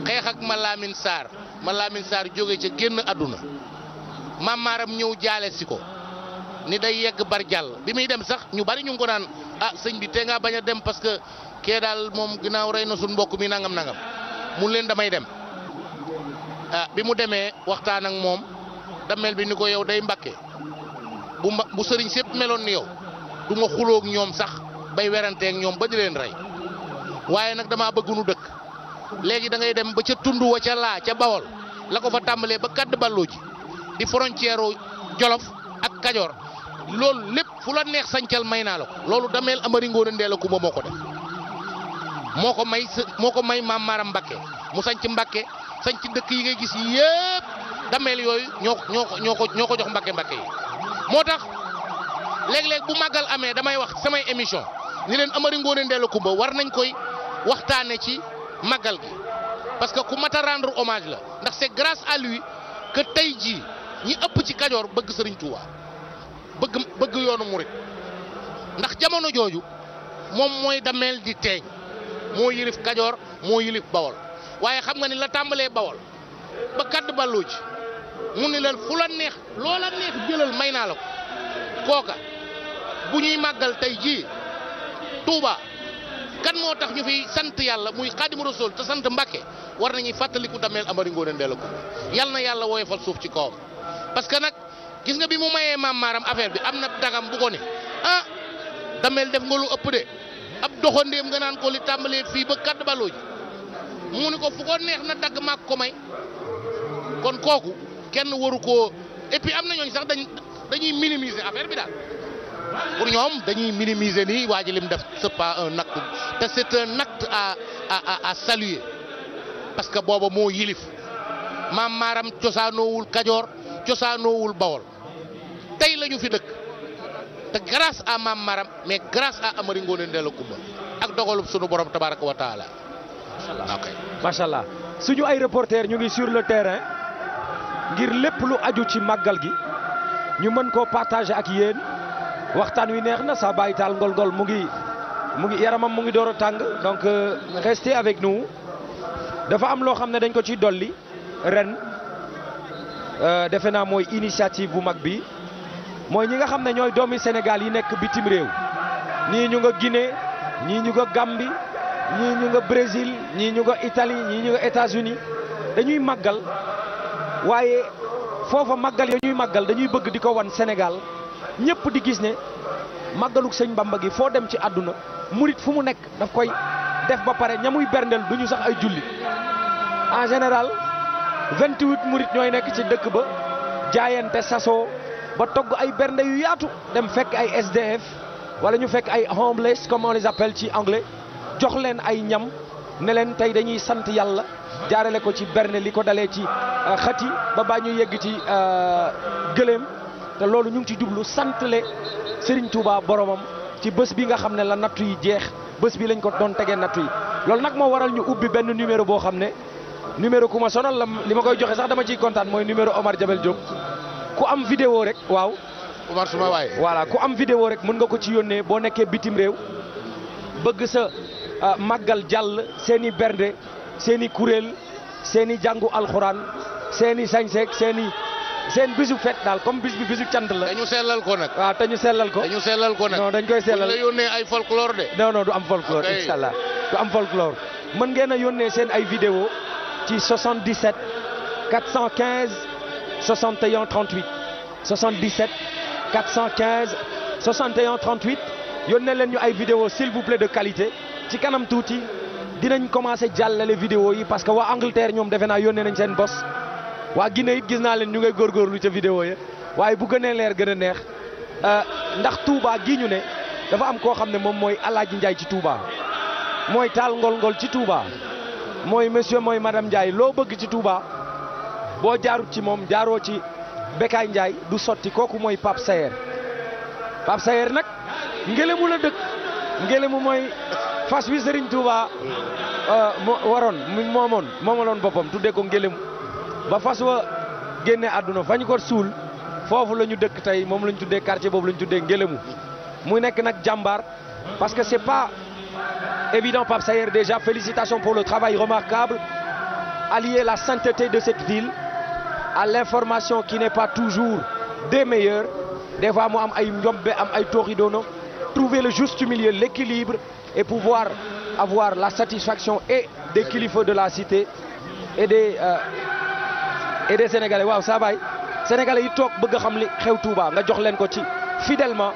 xeex ak Malamine Sarr Malamine saar jóge ca génn àdduna mamaaram ñëw jaale si ko ni day yegg bar jàll bi muy dem sax ñu bari ñu ngi ko naan ah sëñ bi tee ngaa bañ a dem parce que kee daal moom ginnaaw rey na suñ mbokk mi nangam nangam mu leen damay dem ah bi mu demee waxtaan ak moom damel bi ni ko yow day mbake bu bu sëriñ sépp meloon ni yow du ma ñoom sax bay weranteeg ñoom ba rey waaye nag damaa bëgg dëkk léegi da ngay dem ba ca tund wa ca laa ca bawol la ko fa tàmbalee ba kàdd ballo ji di frontière jolof ak kajoor loolu lépp fu la neex sancal may naa la ko loolu dameel amari ngoone ndeela kumba moo ko def moo ko may ko may maam maaram Mbacke mu sanc Mbacke sanc dëkk yi ngay gis yépp dameel yooyu ñoo ñoo ko ñoo ko jox Mbacke Mbacke yi moo tax léeg-léeg bu màggal amee damay wax samay émission ni leen amari ngoone ndeela kumba war nañ koy waxtaane ci màggal gi parce que ku mat a rendre hommage la ndax c'est grâce à lui que tey jii ñi ëpp ci Kajoor bëgg Sëriñ Tuuba bëgg bëgg yoonu murit ndax jamono jooju moom mooy dameel di teeñ moo yilif Kajoor moo yilif Bawol waaye xam nga ni la tàmbalee Bawol ba kadd balloo ji mu ni leen fu la neex loola neex jëlal may naa la ko kooka bu ñuy màggal tey jii Tuuba kan moo tax ñu fi sant yàlla muy xaadimu rasul te sant Mbàkke war na ñuy fàttaliku dameel Amari Ngoone Ndeela ko yal na yàlla woyofal suuf ci kawam parce que nag gis nga bi mu mayee maam maaram affaire bi am na dagam bu ko ne ah dameel def nga lu ëpp de ab doxandéem nga naan ko tàmbalee fii ba kàdd baloo ji mu ni ko fu ko neex na dagg maak ko may kon kooku kenn waru ko et am na ñooñ sax dañ dañuy minimiser affaire bi daal pour ñoom dañuy minimiser ni waa ji lim def c'est pas un te c'est un acte à à parce que booba moo yilif maam maaram cosaanoowul Kajoor cosaanoowul Bawol tey la fi dëkk te grâce à maam maaram mais grâce à Amari Ngoone Ndella Kumba ak dogalub sunu borom tabaraka wa taala. macha allah suñu ay reporter ñu ngi sur le terrain ngir lépp lu aju ci màggal gi ñu mën koo partager ak yéen. waxtaan wi neex na sa bàyyi taal ngol ngol mu ngi mu ngi yaramam mu ngi door a tàng donc euh, restez avec nous dafa am loo xam ne dañ ko ciy dolli ren euh, defe naa mooy initiative bu mag bi mooy ñi nga xam ne ñooy doomi Sénégal yi nekk bitim réew ñii ñu nga Guinée ñii ñu nga Gambie ñii ñu nga Brésil ñii ñu nga itali ñii ñu nga États-Unis dañuy màggal waaye foofa màggal ya ñuy màggal dañuy bëgg di ko wan Sénégal ñëpp di gis ne màggaluk sëñ mbamba gi foo dem ci àdduna murit fu mu nekk daf koy def ba pare ñamuy muy berndeel du ñu sax ay julli en général 28 murit ñooy nekk ci dëkk ba jaayante sasoo ba togg ay bernde yu yaatu dem fekk ay SDF wala ñu fekk ay homeless comme on ci anglais jox leen ay ñam ne leen tey dañuy sant yàlla jaarale ko ci bernde li ko dalee ci euh, yi ba baa ñu yegg ci euh, gëléem te loolu ñu ngi ci jublu santale Serigne Touba boromam ci bés bi nga xam ne la nattu yi jeex bés bi lañ ko doon tegee nattu yi loolu nag moo waral ñu ubbi benn numéro boo xam ne numéro ku ma sonal la li ma koy joxe sax dama ciy kontaan mooy numéro Omar Jabel Diop ku am vidéo rek waaw. Omar suma voilà ku am vidéo rek mun nga ko ci yónnee boo nekkee bitim réew bëgg sa euh, màggal jàll seeni bernde seeni kuréel seeni jàngu alxuraan seeni i sañseek seen seen bisu fet daal comme bis bi bisu cant la. dañu sellal ko nag. waaw te ñu sellal ko. dañu ah, sellal ko nag non dañ koy sellal. la yónnee ay folklore de. non non du am folklore incha allah du am folklore. mën ngeen a yónnee seen ay vidéo ci 77 415 61 38 77 415 61 38 yónnee leen ñu ay vidéo s'il vous plaît de qualité ci kanam tuuti dinañ commencé jàllale vidéo yi parce que waa Angleterre ñoom defe naa yónnee nañ seen bos. waa ginne it gis naa leen ñu ngay góorgóorlu ca vidéo ya waaye bu gënee leer gën a neex euh, ndax tuubaa gi ñu ne dafa am koo xam ne moom mooy Alaaji Njaay ci Touba mooy taal ngol-ngol ci tuubaa mooy monsieur mooy madame Ndiaye loo bëgg ci Touba boo jaarut ci moom jaaroo ci Bekaay njaay du sotti kooku mooy Pape Sayer Pape Sayer nag ngelamu la dëkk ngelamu mooy fas wi Serigne Touba euh, waroon moomoon moomaloon boppam tuddee ko ngelamu ba fas wa génne àdduna fañ ko suul foofu la ñu dëkk tey moom la ñu tuddee quartier boobu la ñu tuddee Ngélémou mu nekk nag jàmbaar parce que c'est pas évident Pape Sayer déjà félicitations pour le travail remarquable allier la sainteté de cette ville à l'information qui n'est pas toujours de meilleures des fois mu am ay njombe am ay tooxidono trouver le juste milieu l'équilibre et pouvoir avoir la satisfaction et des kilifa de la cité et des euh, et des sénégalais waaw saa baay sénégalais yi toog bëgga xam li xew Touba nga jox leen ko ci fidèlement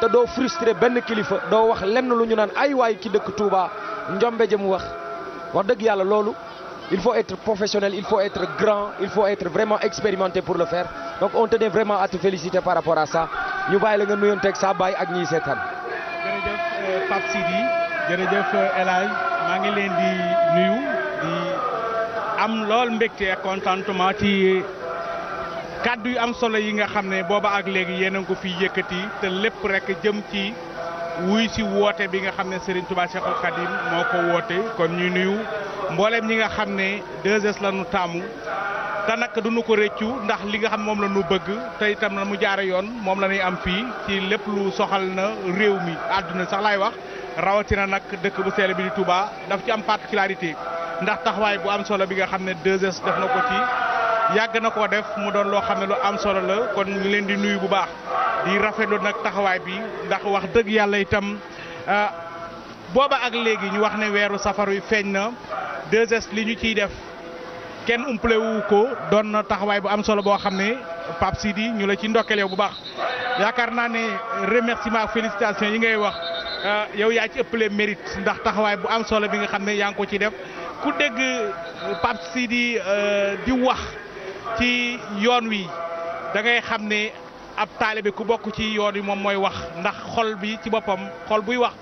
te doo frustré benn kilifa doo wax lenn lu ñu naan ay waay ki dëkk Touba njombe jëm wax wax dëgg yàlla loolu il faut être professionnel il faut être grand il faut être vraiment expérimenté pour le fair donc on tenait vraiment à te féliciter par rapport à ça ñu bàyyi la nga nuyonteeg saa baay ak ñiy seetaan. jërëjëf euh, Pape Sidi jërëjëf euh, am lool mbégte ak contentement ci kàddu yu am solo yi nga xam ne booba ak léegi yéen a ngi ko fi yëkkati te lépp rek jëm ci wuy si woote bi nga xam ne Serigne Touba Cheikhul Khadim moo ko woote kon ñuy nuyu mbooleem ñi nga xam ne 2S la ñu taamu te nag du nu ko rëccu ndax li nga xam moom la nu bëgg te itam na mu jaare yoon moom la ñuy am fii ci lépp lu soxal na réew mi àdduna sax lay wax rawatina nag dëkk bu sell bi di Touba daf ci am particularité ndax taxawaay bu am solo bi nga xam ne 2S def na ko ci yàgg na koo def mu doon loo xam ne lu am solo la kon ñu ngi leen di nuyu bu baax di rafetlu nag taxawaay bi ndax wax dëgg yàlla itam ah, booba ak léegi ñu wax ne weeru safar wi feeñ na 2S li ñu ciy def. kenn umpale wu ko doon na taxawaay bu am solo boo xam ne Pape Sidi ñu la ci ndokkeel yow bu baax yaakaar naa ne remerciement félicitations yi ngay wax euh, yow yaa ci ëppale mérite ndax taxawaay bu am solo bi nga xam ne yaa ngi ko ci def ku dégg euh, Pape Sidi euh, di wax ci yoon wi da ngay xam ne ab taalibe ku bokk ci yoon wi moom mooy wax ndax xol bi ci boppam xol buy wax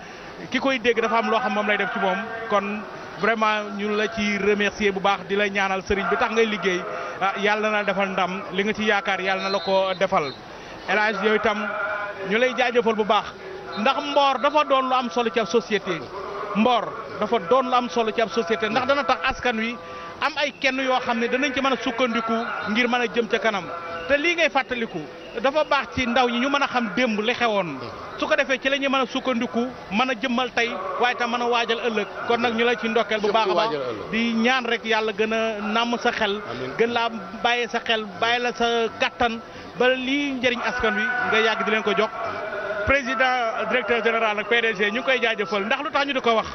ki koy dégg dafa am loo xam moom lay def ci moom kon. vraiment ñu la ci remercier bu baax di la ñaanal sëriñ bi tax ngay liggéey ah, yàlla na defal ndam li nga ci yaakaar yàlla na la ko defal El Hadj yooyu tam ñu lay jaajëfal bu baax ndax mboor dafa doon lu am solo ci ab société mboor dafa doon lu am solo ci ab société ndax dana tax askan wi am ay kenn yoo xam ne danañ ci mën a sukkandiku ngir mën a jëm ca kanam te lii ngay fàttaliku. dafa baax ci ndaw ñi ñu mën a xam démb li xewoon su ko defee ci la ñuy mën a sukkandiku mën a jëmal tey waaye tam mën a waajal ëllëg kon nag ñu la ci ndokkeel bu baax a baax di ñaan rek yàlla gën a nàmm sa xel gën laa bàyyi sa xel bàyyi la sa kattan ba lii njëriñ askan wi nga yàgg di leen ko jox président directeur général ak PDG ñu ngi koy jaajëfal ndax lu tax ñu di ko wax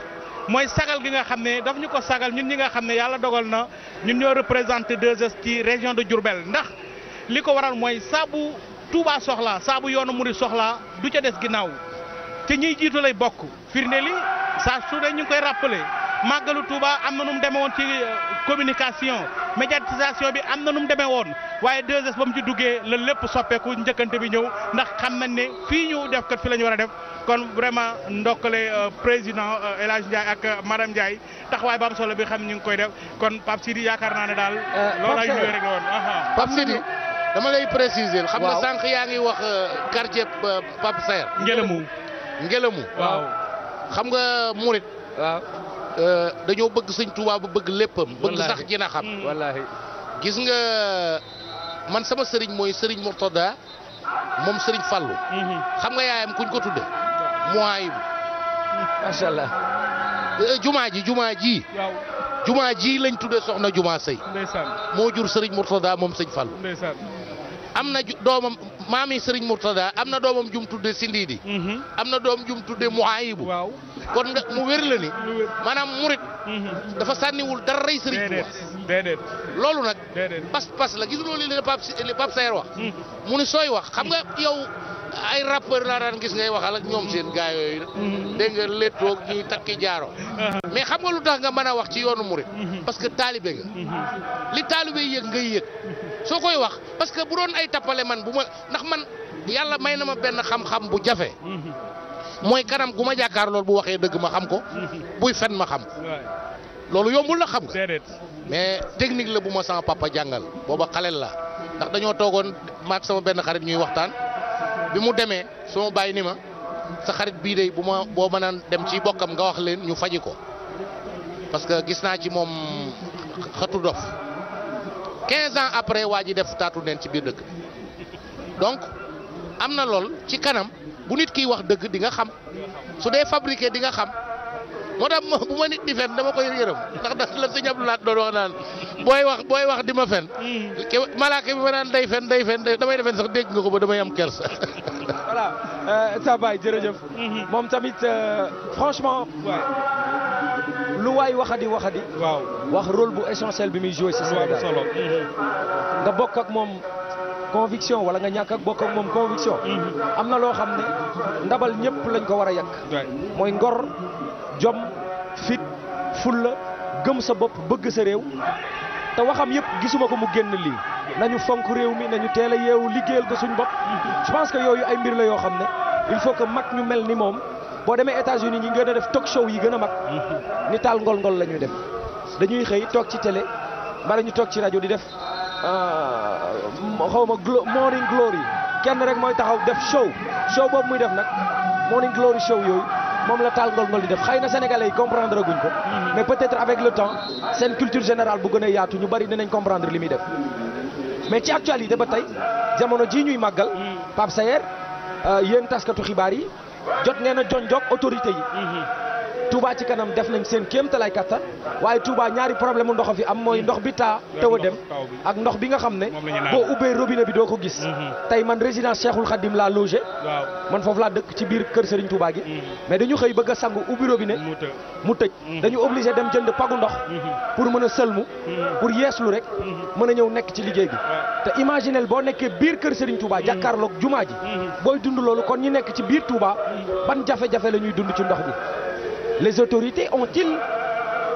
mooy sagal gi nga xam ne dafa ñu ko sagal ñun ñi nga xam ne yàlla dogal na ñun ñoo représenté 2S ci région de Diourbel ndax li ko waral mooy saabu Touba soxla saabu yoonu murid soxlaa du ca des ginnaaw te ñiy jiitu lay bokk firnde li saa su ne ñu ngi koy rappelé màggalu Touba am na nu mu demee woon ci euh, communication médiatisation bi am na nu mu demee woon waaye 2S ba mu ci duggee la lépp soppeeku njëkkante bi ñëw ndax xam nañ ne fii ñu def kat fi la ñu war a def kon vraiment ndokkale euh, président euh, El Hadj Ndiaye ak madame Ndiaye taxawaay ba am solo bi xam ñu ngi koy def kon Pape Sidi yaakaar naa ne daal. dama lay préciser. xam nga sànq yaa ngi wax euh, quartier euh, Pape Saer. Ngelamu. Ngelamu. xam nga murit. Euh, dañoo bëgg sëñ Tuubaa bu bëgg léppam. bëgg sax jina xam. Mm. wallaahi gis nga man sama sëriñ mooy sëriñ Murtada moom sëriñ Fallou. Mm-hmm. xam nga yaayam kuñ ko tudde Muwaayib. jumaa ji jumaa ji. jumaa ji lañ tuddee soxna jumaa sëy. ndeysaan moo jur sëriñ Murtada moom sëñ Fallou. am na doomam maami Serigne Mourtada am na doomam jum tudde Sindiidi mhm. am na doom jum tudde Muhaayibu kon nga mu wér la ni maanaam murit mhm. dafa sànniwul dara rey Serigne Touba déedéet loolu nag pas-pas la gis loolu li la Pape li Pape Sayer wax mhm. mu ni sooy wax xam nga yow ay rappeur laa daan gis ngay waxal ak ñoom seen gaa yooyu dégg nga léttoog ñuy takki jaaro uh-huh. mais xam nga lu tax nga mën a wax ci yoonu murit parce que taalibe nga li taalibe yëg ngay yëg soo koy wax parce bu doon ay tappale man ndax man yàlla may na ma benn xam-xam bu jafe. Mm-hmm. mooy kanam gu ma jàkkaar loolu bu waxee dëgg ma xam ko. Mm-hmm. buy fen ma xam loolu yombul la xam nga. mais technique la bu ma sama papa jàngal booba xalel la dañoo toogoon maak sama benn xarit ñuy waxtaan bi mu demee sama bàyyi ni ma sa xarit bii dey bu ma boo mën dem ci bokkam nga wax leen ñu faji ko parce que gis naa ci moom xatu dof 15 ans après waa ji def taatu neen ci biir dëkk donc am na lool ci kanam bu nit kiy wax dëgg di nga xam su dee fabriqué di nga xam. moo tax bu ma nit di fen dama koy yërëm ndax da la sëñ Abdou Lahat doon wax naan booy wax booy wax di ma fen malaaka bi ma naan day fen day fen damay defen sax dégg nga ko ba damay am kersa voilà sa euh, jërëjëf mhm. moom tamit euh, franchement lu waxadi waxadi wax rôle bu essentiel bi muy joué si Sénégal mhm. nga bokk ak moom conviction wala nga ñàkk ak bokk ak moom conviction mhm. am na loo xam ne ndabal ñëpp lañ ko war a yàq mooy ngor jom fit fulla gëm sa bopp bëgg sa réew te waxam yëpp gisuma ko mu génn lii nañu fonk réew mi nañu teel a yeewu liggéeyal ko suñ bopp je que yooyu ay mbir la yoo xam ne il faut que mag ñu mel ni moom boo demee États-Unis ñi gën a def talk show yi gën a mag ni taal ngol-ngol la ñuy def dañuy xëy toog ci télé mbara ñu toog ci rajo di def euh, xaw ma morning glory kenn rek mooy taxaw def show show boobu muy def nag morning glory show yooyu moom la taal ngol ngol di def xay na sénégalais yi comprendre guñ ko mm-hmm. mais peut-être avec le temps seen culture générale bu gën a yaatu ñu bari dinañ comprendre li muy def mais ci actualité ba tey jamono jii ñuy màggal mm-hmm. Pape Sayer euh, yéen taskatu xibaar yi jot ngeen a jonjog autorité yi mm-hmm. Touba ci kanam def nañ seen kéemtalaay kattan waaye Touba ñaari problème mu ndox fi am mooy ndox bi taa taw a dem ak ndox bi nga xam ne boo ubbee robinet bi doo ko gis mhm. tey man résidence Cheikhoul Khadim laa logé man foofu laa dëkk ci biir kër Serigne Touba gi mhm. mais dañu xëy bëgg a sangu ubbi robinet mu tëj mhm. dañu obligé dem jënd pagu ndox pour mën a sëlmu pour yeeslu rek mën a ñëw nekk ci liggéey bi te imaginel boo nekkee biir kër Serigne Touba jàkkaarloog jumaa ji booy dund kon ñi nekk ci biir Touba ban jafe-jafe dund ci ndox bi les autorités ont-ils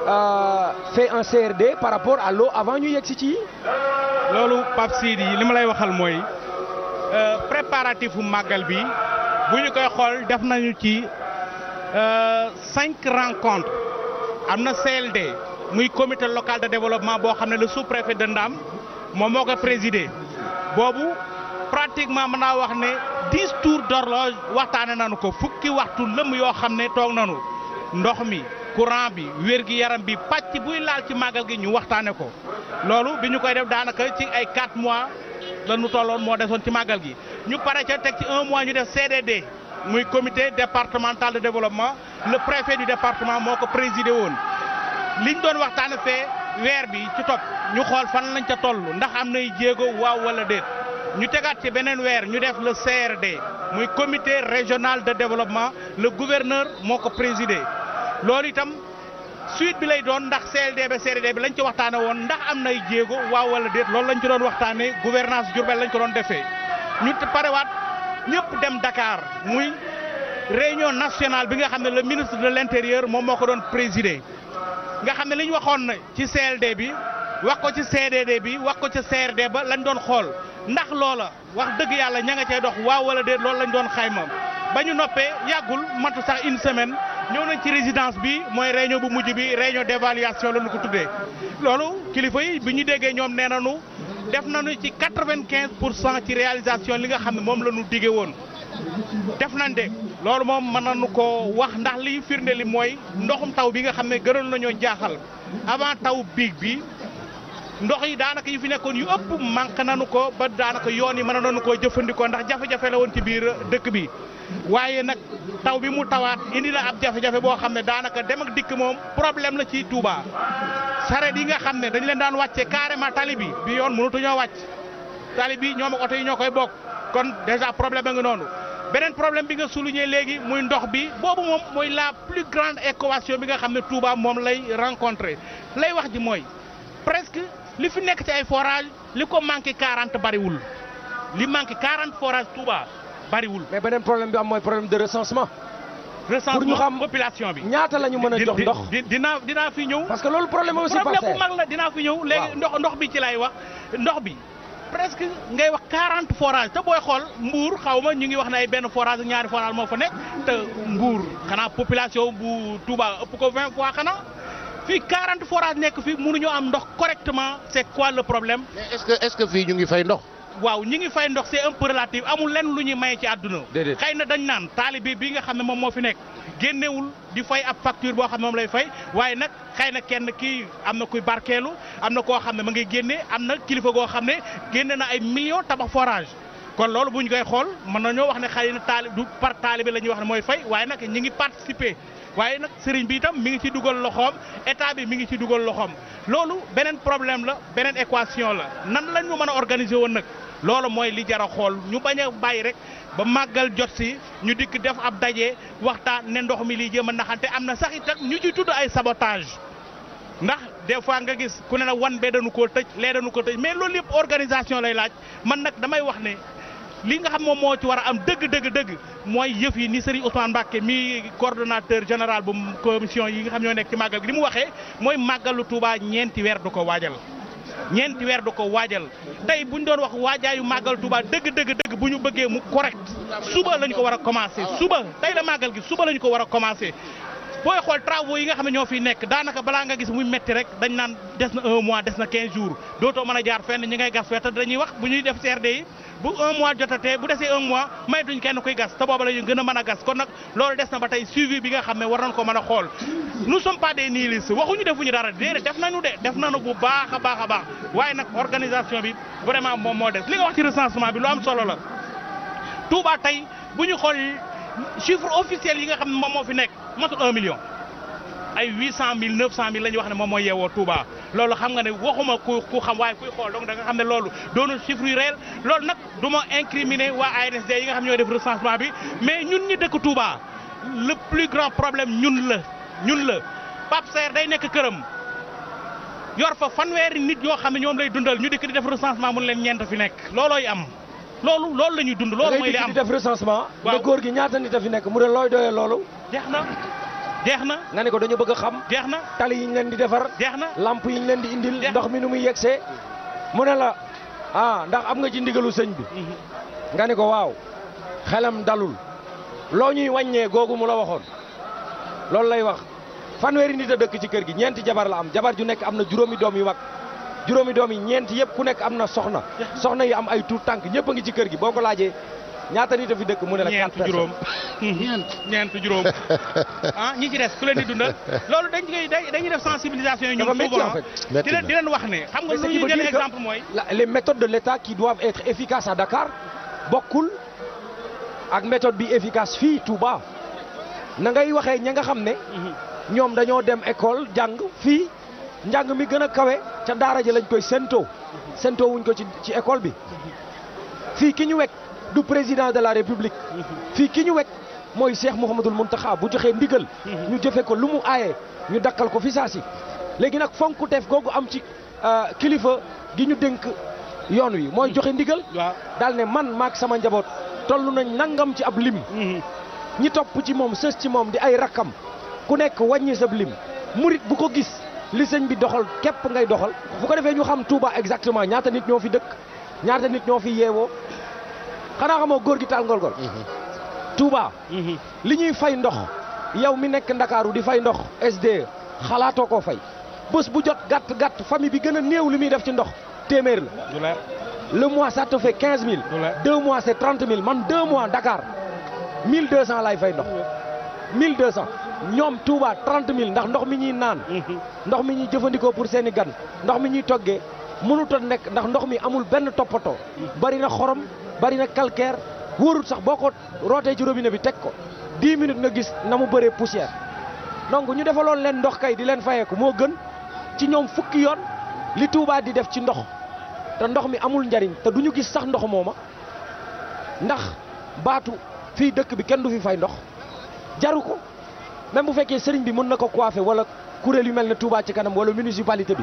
euh, fait un CRD par rapport à l'eau avant ñu yegg si ci. loolu Pape yi li ma lay waxal mooy euh, préparatif bu màggal bi bu ñu koy xool def nañu ci euh, cinq rencontres am na CLD muy comité local de développement boo xam ne le sous-préfet de Ndam moom moo ko présider boobu pratiquement mën naa wax ne dix tours d'horloge waxtaane nañu ko fukki waxtu lëmm yoo xam ne toog nanu ndox mi courant bi wér gi yaram bi pàcc buy laal ci màggal gi ñu waxtaane ko loolu bi ñu koy def daanaka ci ay 4 mois la ñu tolloon moo desoon ci màggal gi ñu pare ca teg ci un mois ñu def CDD muy comité départemental de développement le préfet du département moo ko présidé woon liñ doon waxtaane fee weer bi ci topp ñu xool fan lañ ca toll ndax am nay jéego waaw wala déet ñu tegaat ci beneen weer ñu def le CRD muy comité régional de développement le gouverneur moo ko présidé loolu itam suite bi lay doon ndax CLD ba CRD bi lañ ci waxtaane woon ndax am nay jéego waaw wala déet loolu lañ ci doon waxtaane gouvernance Diourbel lañ ko doon defee ñu parewaat ñëpp dem dakaar muy réunion nationale bi nga xam ne la ministre de l'intérieur moom moo ko doon présidé nga xam ne li waxoon waxoon ci CLD bi wax ko ci CDD bi wax ko ci CRD ba lañ doon xool ndax loola wax dëgg yàlla ña nga cay dox waaw wala déet loolu lañ doon xayma ba ñu noppee yàggul matu sax une semaine ñëw nañ ci résidence bi mooy réunion bu mujj bi réunion d'évaluation la ñu ko tuddee. loolu kilifa yi bi ñu déggee ñoom nee nañu def nañu ci quatre vingt pour cent ci réalisation li nga xam ne moom la ñu diggee woon def nañ de loolu moom mën nañu ko wax ndax liy firnde li mooy ndoxum taw bi nga xam ne gënal nañoo jaaxal ndox yi daanaka yi fi nekkoon yu ëpp manqué nanu ko ba daanaka yoon yi mën nañu koo jëfandikoo ndax jafe-jafe la woon ci biir dëkk bi waaye nag taw bi mu tawaat indi na ab jafe-jafe boo xam ne daanaka dem ak dikk moom problème la ci Touba sareet yi nga xam ne dañu leen daan wàcce carrément tali bi bi yoon mënatuñoo wàcc tali bi ñoo ak oto yi ñoo koy bokk kon déjà problème a ngi noonu beneen problème bi nga souligné léegi muy ndox bi boobu moo mooy la plus grande équation bi nga xam ne Touba moom lay rencontré lay wax ji mooy li fi nekk ci ay forage li ko manqué 40 bariwul li manqué quarante forage Touba bariwul. mais beneen problème bi am mooy problème de recensement. pour ñu xam population bi ñaata la ñu mën a jox ndox. dina dinaa fi ñëw. parce que loolu problème aussi problème bu mag la dinaa fi ñëw. léegi ndox ndox bi ci lay wax ndox bi. presque ngay wax quarante forage te booy xool mbuur xaw ma ñu ngi wax na ay benn forage ñaari forage moo fa nekk te Mbour xanaa population bu Touba ëpp ko 20 fois xanaa. fii 40 forage nekk fii mënuñu am ndox correctement c'est quoi le problème. mais est-ce que est-ce fii ñu ngi fay ndox. waaw ñi ngi fay ndox c'est un peu relatif amul lenn lu ñuy maye ci àdduna. déedéet na dañ naan taalibe bi nga xam ne moom moo fi nekk. génnewul di fay ab facture boo xam ne moom lay fay waaye nag xëy na kenn kii am na kuy barkeelu am na koo xam ne ma ngi génne am na kilifa goo xam ne génne na ay millions tabax forage. kon loolu bu ñu koy xool mën nañoo wax ne xëy na taali du par taalibe la ñuy wax ne mooy fay waaye nag ñi ngi participer. waaye nag sëriñ bi itam mi ngi ci dugal loxoom état bi mi ngi ci dugal loxoom loolu beneen problème la beneen équation la nan la ñu mën a organiser woon nag loolu mooy li jara xool ñu bañ a bàyyi rek ba màggal jot si ñu dikk def ab daje waxtaan ne ndox mi lii jéem a naxante am na sax itam ñu ci tudd ay sabotage ndax des fois nga gis ku ne na wan bee dañu koo tëj lee dañu ko tëj mais loolu yëpp organisation lay laaj man nag damay wax ne li nga xam moom moo ci war a am dëgg dëgg dëgg mooy yëf yi ni Serigne Ousmane Mbacké mi coordonnateur général bu commission yi nga xam ñoo nekk ci màggal gi li mu waxee mooy màggalu Touba ñeenti weer du ko waajal. ñeenti weer du ko waajal tey bu ñu doon wax waajaayu màggal Touba dëgg dëgg bu ñu bëggee mu correct suba lañ ko war a commencé suba tey la màggal gi suba lañ ko war a commencé booy xool travaux yi nga xam ne ñoo fi nekk daanaka balaa nga gis muy métti rek dañ naan des na un mois des na 15 jours dootoo mën a jaar fenn ñi ngay gas fee te dañuy wax bu ñuy def CRD yi bu un mois jotatee bu desee un mois may duñ kenn kuy gas te booba la ñu gën a mën a gas kon nag loolu des na ba tey suivi bi nga xam ne war nañ ko mën a xool nous sommes pas des nihilistes waxuñu defuñu dara déedéet def nañu de def nañu bu baax a baax a baax waaye nag organisation bi vraiment moom moo des li nga wax ci recensement bi lu solo la Touba tey bu ñu xool chiffre officiel yi xam ne moom moo fi nekk matul un million ay huit cent mille neuf cent mille la ñuy wax ne moom mooy yeewoo Touba loolu xam nga ne waxuma ku ku xam waaye kuy xool donc xam ne loolu doonu chiffre yu réel loolu nag du ma incriminer waa ANSD yi nga xam ñoo def recensement bi mais ñun ñi dëkk Touba le plus grand problème ñun la ñun la Pape Serre day nekk këram yor fa fanweeri nit yoo xam ne ñoom lay dundal ñu dikk di def recensement mun leen ñeent fi nekk loolooy am. loolu loolu la ñuy dund loolu mooy li am def recensement waaw góor gi ñaata nit a fi nekk mu ne looy doyee loolu jeex na jeex na nga ne ko dañu bëgg a xam jeex na tali yiñ leen di defar jeex na lamp yi ñu leen di indil ndox mi nu muy yegsee mu ne la ah ndax am nga ci ndigalu sëñ bi mhm. nga ne ko waaw xelam dalul loo ñuy wàññee googu mu la waxoon loolu lay wax fanweeri nit a dëkk ci kër gi ñeenti jabar la am jabar ju nekk am na juróomi doom yu mag juróomi doom yi ñeent yëpp ku nekk am na soxna soxna yi am ay tuut tànk ñëpp a ngi ci kër gi boo ko laajee ñaata nit a fi dëkk mu ne la ñeent juróom ñeent juróom ah ci des ku leen di dundal loolu dañ koy dañuy def sensibilisation yi ñun souvent di leen di leen wax ne xam nga lu ñu jël exemple mooy les méthodes de l'État qui doivent être efficaces à Dakar bokkul ak méthode bi efficace fii tuba na ngay waxee ña nga xam ne mhm. ñoom dañoo dem école jàng fii njàng mi gën a kawe ca daara ji lañ koy séntoo séntoo wuñ ko ci ci école bi fii ki ñu wekk du président de la république fii ki ñu wekk mooy Cheikh Mouhamadul Mountakha bu joxee ndigal ñu jëfe ko lu mu aaye ñu dakkal ko fi saasi léegi nag fonk def googu am ci euh, kilifa gi ñu dénk yoon wi mooy joxe ndigal daal ne man maak sama njaboot toll nañ nangam ci ab lim ñi topp ci moom sës ci moom di ay rakkam ku nekk wàññi sab lim murit bu ko gis li bi doxal képp ngay doxal bu ko defee ñu xam Touba exactement ñaata nit ñoo fi dëkk ñaata nit ñoo fi yeewoo xanaa xamoo góor gi taal ngolgol mhm. Touba mhm. li ñuy fay ndox yow mi nekk Ndakaaru di fay ndox SDE xalaatoo koo fay bés bu jot gàtt gàtt famille bi gën a néew li muy def ci ndox téeméer la le mois ça te fait quinze mille deux mois c'est mille man deux mois Dakar mille deux cent laay fay ndox mille deux cent ñoom Touba 30 000 ndax ndox mi ñuy naan. Mhm. ndox mi ñuy jëfandikoo pour seeni gan ndox mi ñuy toggee mënut nekk ndax ndox mi amul benn toppatoo. Mhm. bari na xorom bari na calcaire wóorut sax boo ko rootee ci robine bi teg ko 10 minutes nga gis na mu bëree poussière donc ñu defaloon leen ndox kay di leen fayeeku moo gën ci ñoom fukki yoon li Touba di def ci ndox te ndox mi amul njariñ te du ñu gis sax ndox mooma ndax baatu fii dëkk bi kenn du fi fay ndox jaru même bu fekkee sëriñ bi mën na ko coiffé wala kuréel yu mel ne Touba ci kanam wala municipalité bi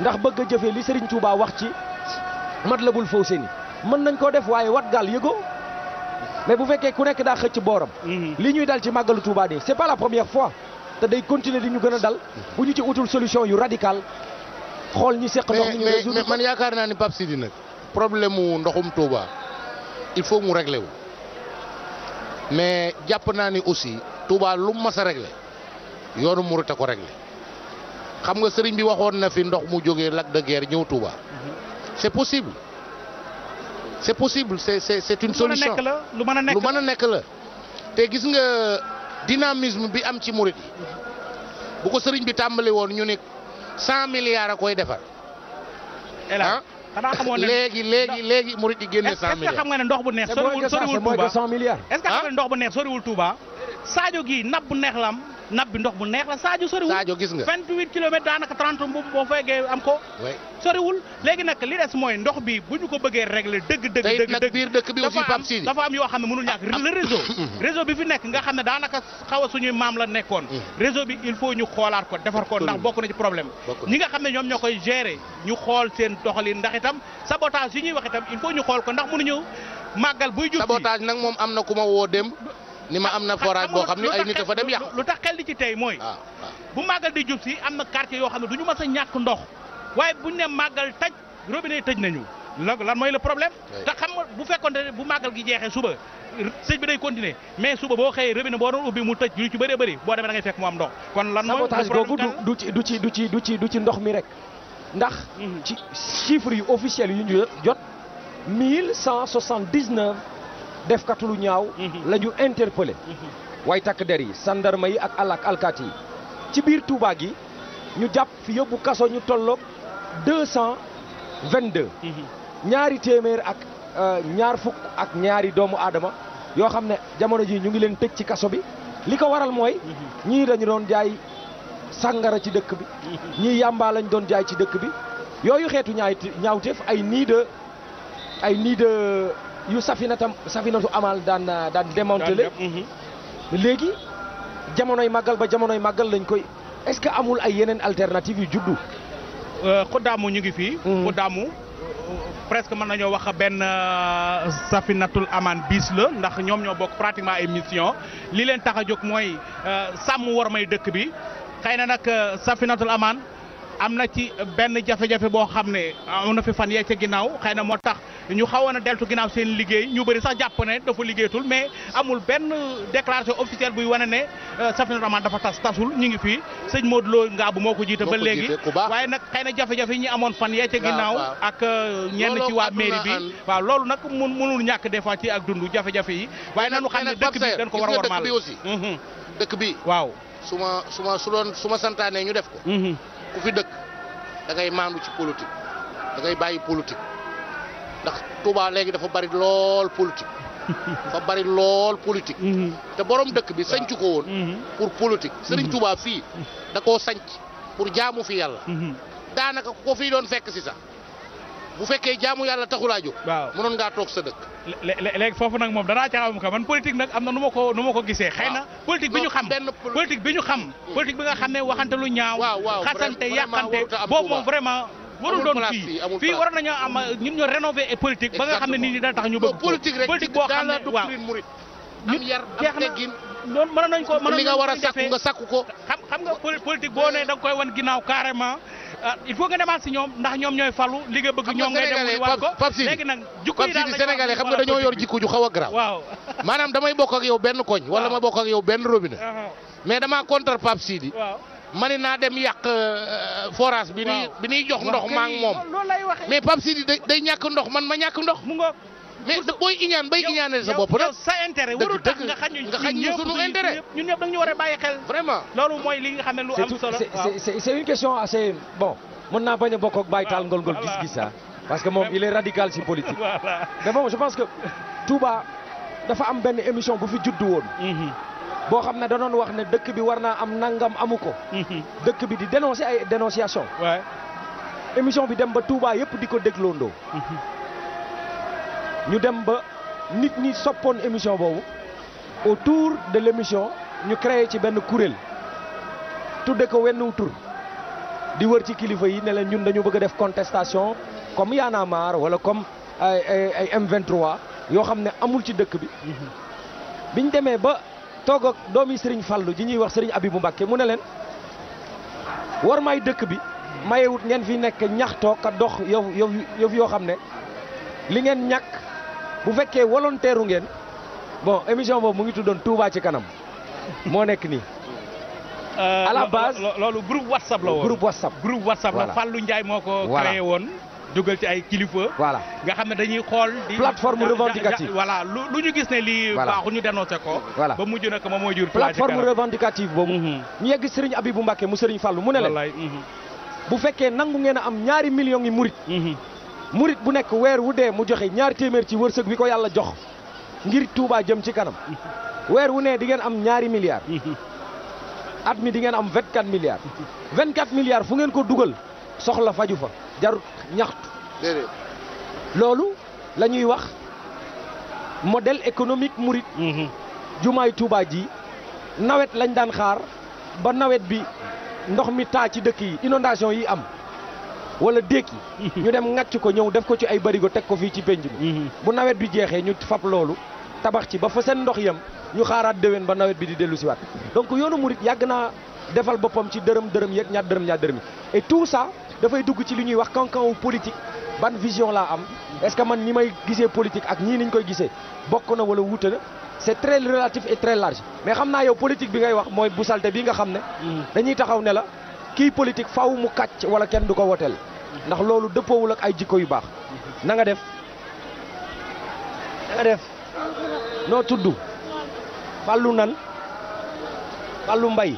ndax bëgg a jëfee li sëriñ Touba wax ci mat Matlabul Fawzayni mën nañ koo def waaye wat gaal yëgoo mais bu fekkee ku nekk daa xëcc booram. Mhm. li ñuy dal ci màggalu Touba de c'est pas la première fois te day continuer li ñu gën a dal bu ñu ci utul solution yu radical xool ñi seq ndox ñu mais mais man yaakaar naa ni Pape Sidi nag problème mu ndoxum Touba il faut mu réglé wu mais jàpp naa ni aussi. Touba lu mu mas a réglé yoonu murit ko réglé xam nga sëriñ bi waxoon na fi ndox mu jógee Lac de Guiers ñëw Touba mhm. c'est possible c'est possible c'est c'est c'est une solution lu mën a nekk la mën a nekk la te gis nga dynamisme bi am ci murit yi bu ko sëriñ bi tàmbali woon ñu ne cent milliards a koy defar. ah léegi léegi léegi murit yi génne cent milliards. est-ce que xam nga ne ndox bu neex. soriwul Touba saajo gii napp bu neex la am napp bi ndox bu neex la Sadio soriwul. Sadio gis nga 28 kilomètres daanaka 30 mboobu boo feggee am ko. soriwul léegi nag li des mooy ndox bi bu ñu ko bëggee régler dëgg dëgg. dëgg dëgg nag biir dëkk bi aussi dafa am yoo xam ne mënul ñàkk le réseau. réseau bi fi nekk nga xam ne daanaka xaw a suñuy maam la nekkoon. Mm. réseau bi il faut ñu xoolaat ko defar ko ndax bokk na ci problème ñi nga xam ne ñoom ñoo koy gérer ñu xool seen doxalin ndax itam sabotage yi ñuy wax itam il faut ñu xool ko ndax mënuñu màggal buy jub sabotage nag moom am na ku ma woo dem ni ma am na forage boo xam ne ay nit a fa dem yàq lu tax xel li ci tey mooy ah, ah. bu màggal di jub am na quartier yoo xam ne du ñu ma a ñàkk ndox waaye buñ ne màggal taj robinet tëj nañu loolu lan mooy la problème te xam nga bu fekkoon ne bu màggal gi jeexee suba sëj bi day continuer mais suba boo xëyee robinet boo doon ubbi mu tëj yu ci bëree bëri boo demee da ngay fekk mu am ndox kon lan mooy sabotage googu du ci du ci du ci du ci ndox mi rek ndax mhm. ci chiffres yu officiels yu ñu jot 1179 defkatu lu ñaaw. Mhm. la ñu interpellé. Mhm. way takk der yi sandarma yi ak alak alkaati yi ci biir Touba gi ñu jàpp fi yóbbu kaso ñu tolloog deux cent vingt mhm. ñaari téeméer ak euh, ñaar fukk ak ñaari doomu aadama yoo xam ne jamono ji ñu ngi leen tëj ci kaso bi li ko waral mooy. ñii dañu doon jaay sàngara ci dëkk bi. ñii yàmbaa lañ doon jaay ci dëkk bi yooyu xeetu ñaay ñaawteef ay nii ay nii yu safinatam safinatu amal daan daan démantelé mhm. léegi jamonoy màggal ba jamonoy màggal lañ koy est-ce que amul ay yeneen alternative yu juddu xuddaamu euh, ñu ngi fii xuddaamu mhm. presque mën nañoo wax benn euh, safinatul amaan bis la ndax ñoom ñoo bokk pratiquement ay mission li leen tax a jóg mooy euh, sàmm war may dëkk bi xëy na nag safinatul amaan am na ci benn jafe-jafe boo xam ne ah, am na fan yee ca ginnaaw xëy na moo tax ñu xawoon a deltu ginnaaw seen liggéey ñu bëri sax jàpp ne dafa liggéeyatul mais amul benn déclaration officielle buy wane ne euh, Safinatul Amaan dafa tas ñu ngi fii sëñ Modou Lo Ngabou moo ko jiite ba léegi waaye nag xëy na jafe-jafe yi ñu amoon fan yee ca ginnaaw ak euh, ñenn ci waa mairie bi waaw loolu nag mun mënul ñàkk des fois ci ak dund jafe-jafe yi waaye nanu xam ne dëkk bi dañ ko war a warmaal mhm. su su ma su doon su ma santaane ku fi dëkk da ngay maandu ci politique da ngay bàyyi politique ndax Touba léegi dafa bari lool politique. dafa bari lool politique. Mhm. te borom dëkk bi sañcu ko woon. Mhm. pour politique mhm. Serigne fii da koo sañc pour jaamu fi yàlla. daanaka ko fii doon fekk si sax. bu fekkee jaamu yàlla taxulaa jóg. waaw mënoon foofu nag moom danaa ca xam ka man politique nag am na nu ko nu ma ko gisee. xëy na politique bi ñu xam hmm. politique bi nga xam ne waxante lu ñaaw. waaw waaw xasante yàqante boobu moom vraiment. warul doon fii fii waroon nañoo am euh, ñun ñoo rénover politique ba nga xam ne nit ñi tax ñu bëgg. politique rek dans la doctrine mouride. am yar am teggin noonu mënoon nañ ko li nga war a sakku nga sakku ko. xam xam nga politique boo nee da nga koy wan ginnaaw carrément ah, il faut nga demaat si ñoom ndax ñoom ñooy falu li nga bëgg ñoom ngay dem wàll ko léegi nag jikko yi daal sénégalais xam nga dañoo yor ju xaw a garaaw waaw maanaam damay bokk ak benn koñ wala ma bokk ak yow benn robinet mais damaa contre Pape Sidi mani naa dem yàq euh, forage bi ñuy jox ndox maa moom mais Pape Sidi day ñàkk ndox man ma ñàkk ndox mais booy iñaan bay iñaanee sa bopp nag sa intérêt warul tax nga xañ ñu sunu intérêt ñun ñëpp dañu war a bàyyi xel vraiment loolu mooy li nga xam lu am solo c'est une question assez bon mën naa bañ a bokk ak Baye Tall Ngol Ngol gis-gis ah. parce que moom il est radical ci politique mais bon je pense que Touba dafa am benn émission bu fi juddu woon mhm. boo xam ne da doon wax ne dëkk bi war naa am nangam amu ko mhm. dëkk bi di dénoncer ay dénonciation émission bi dem ba Touba yëpp di ko dégloondoo mhm. ñu dem ba nit ñi soppoon émission boobu autour de l' émission ñu créé ci benn kuréel tudde ko wenn tur di wër ci kilifa yi ne leen ñun dañu bëgg a def contestation comme Y en a wala comme ay ay m yoo xam ne amul ci dëkk bi biñ demee ba toog ak yi Serigne Fallou ji ñuy wax sëriñ abi bu Mbacké mu ne leen war may dëkk bi mayewut ngeen fi nekk ñaxtoo ka dox yow yow yoo xam ne li ngeen ñàkk bu fekkee volontaire ngeen bon émission boobu mu ngi tuddoon Touba ci kanam moo nekk nii. Euh, à la base loolu groupe WhatsApp la woon groupe WhatsApp. groupe WhatsApp la Fallou Ndiaye moo ko. créé woon. dugal ci ay kilifa. voilà nga xam ne dañuy xool. di plateforme revendicative voilà lu ñu gis ne lii. baaxu ñu dénoncé ko. voilà ba mujj nag moom mooy jur. plateforme revendicative boobu. Mhm. ñu yegg Serigne bu Mbacke mu Serigne Fallou mu ne leen. Mhm. bu fekkee nangu ngeen am ñaari million yi murit. Mhm. murit bu nekk weer wu dee mu joxe ñaar téeméer ci wërsëg wi ko yàlla jox ngir tuubaa jëm ci kanam weer wu nee di ngeen am ñaari milliards at mi di ngeen am vingt quatre milliards vingt quatre milliards fu ngeen ko dugal soxla faju fa jarut ñaxtu loolu la ñuy wax modèle économique murit mhm. jumaay tuubaa ji nawet lañ daan xaar ba nawet bi ndox mi taa ci dëkk yi inondation yi am wala dékki ñu dem ŋàcc ko ñëw def ko ci ay barigo teg ko fii ci pénc mi mhm. bu nawet bi jeexee ñu fab loolu tabax ci ba fa seen ndox yam ñu xaaraat déwén ba nawet bi di dellu siwaat donc yoonu murit yàgg naa defal boppam ci dërëm dërëm yeeg ñaar dërëm ñaar dërëm et tout ça dafay dugg ci li ñuy wax kankan politique ban vision laa am est-ce que man ni may gisee politique ak ñii niñ koy gisee bokk na wala wuute na c'est très relatif et très large mais xam naa yow politique bi ngay wax mooy bu salte bi nga xam ne mhm. dañuy taxaw ne la kiy politique faw mu kàcc wala kenn du ko woteel ndax loolu dëppoowul ak ay jikko yu baax nanga def na noo tudd fàllu nan fàllu mbay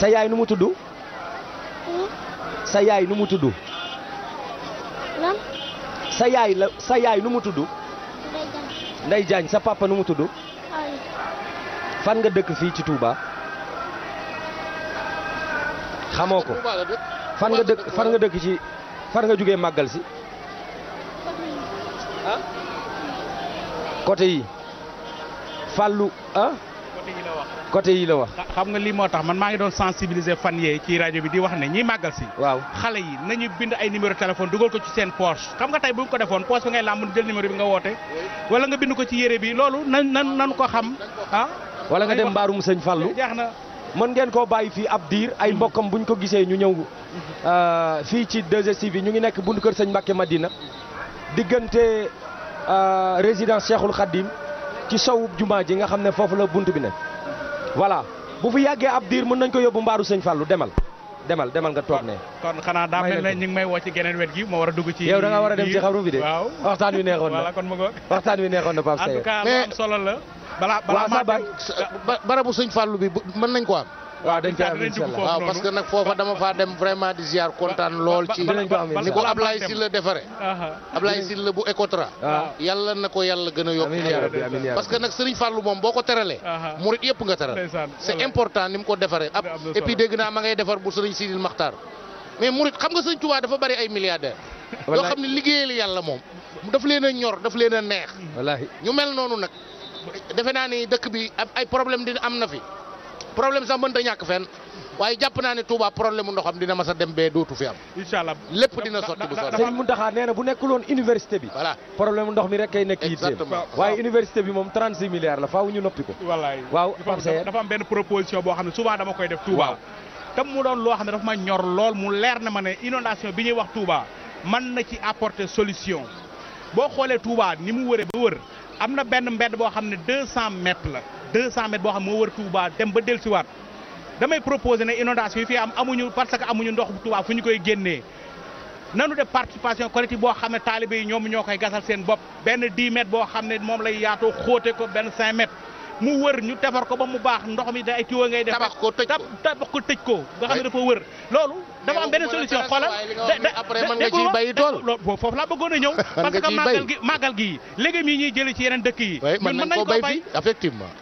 sa yaay nu mu tudd sa yaay nu mu tudd sa yaay la sa yaay nu mu tudd Ndey Jaañ sa papa nu mu tudd fan nga dëkk fii ci Touba xamoo ko fan nga dëkk fan nga dëkk ci fan nga jógee màggal si ah? côté yi fàllu ah côté yi la wax xam nga lii moo tax man maa ngi doon sensibiliser fan yee ci rajo bi di wax ne ñi màggal si waaw xale yi nañu bind ay numéro téléphone dugal ko ci seen poche xam nga tey bu ñu ko defoon poche bi ngay làmb jël numéro bi nga woote wala nga bind ko ci yére bi loolu na nan nan ko xam ah wala nga dem mbaarum sëñ fàllu jeex na mën ngeen koo bàyyi fii ab diir ay mbokkam ñu ko gisee ñu ñëw euh, fii ci 2STV bi ñu ngi nekk buntu kër sëñ Mbacke Madina diggante euh, résidence Cheikhul Khadim ci sowub jumaa ji nga xam ne foofu la bunt bi ne voilà bu fi yàggee ab diir mën nañ ko yóbbu mbaaru sëñ Fallou demal demal demal nga toog ne kon xanaa daa mel ne ñu ngi may woo ci geneen wet gi ma war a dugg ci yow da a dem ci xaru bi de waxtaan wi neexoon na waxtaan wi neexoon na Pape Seye en tout cas la balaa balaa maa sëñ Fallou bi mën nañ ko am. waaw dañ koy am incha allah parce que nag foofa dama faa dem vraiment di ziar kontaan lool. ci ni ko Ablaye Sylla defare Ablaye Sylla bu Ecotra. Ah. yàlla na ko yàlla gën a yokk. parce que nag Serigne Fallou moom boo ko teralee. murit yëpp nga teral c'est important ni mu ko defaree. ab et puis dégg naa ma ngay defar bu Serigne Sidil Makhtar. mais murit xam nga Serigne Touba dafa bari ay milliardaires. yoo xam ne liggéeyal yàlla moom. daf leen a ñor daf leen a neex. ñu mel noonu nag. defe naa ni dëkk bi ay problème dina am na fi problème sax mënta ñàkk fen waaye jàpp naa ne Touba problème mu ndoxam dina mas a dem bee dootu fi am. incha allah lépp dina sotti bu sotti. sëñ Mountakha nee na bu nekkul woon université bi. voilà problème mu mi rek kay nekk yitteem. waaye université bi moom 36 milliards la faaw ñu noppi ko. wallaay waaw dafa am benn proposition boo xam ne souvent dama koy def. Touba te mu doon loo xam ne dafa ma ñor lool mu leer na ma ne inondation bi ñuy wax tuubaa mën na ci apporter solution boo xoolee Touba ni mu wëree ba am na benn mbedd boo xam ne 200 mètres la 200 mètres boo xam ne moo war Touba dem ba dellusiwaat damay proposé ne inondation yi fi am amuñu parce que amuñu ndox bu Touba fu ñu koy génnee nanu def participation collective boo xam ne taalibe ñoomu ñoo koy gasal seen bopp benn 10 boo xam ne moom lay yaatoo xóote ko benn 5 mu wër ñu defar ko ba mu baax ndox mi da ay tiwa ngay def tabax ko tëj ko ko tëj ko nga xam ne dafa wër loolu dafa am benn solution xoolal déglu foofu laa bëggoon ñëw parce que màggal gi màggal gi yi ñuy jëlee ci yeneen dëkk yi mën nañ ko bay fii effectivement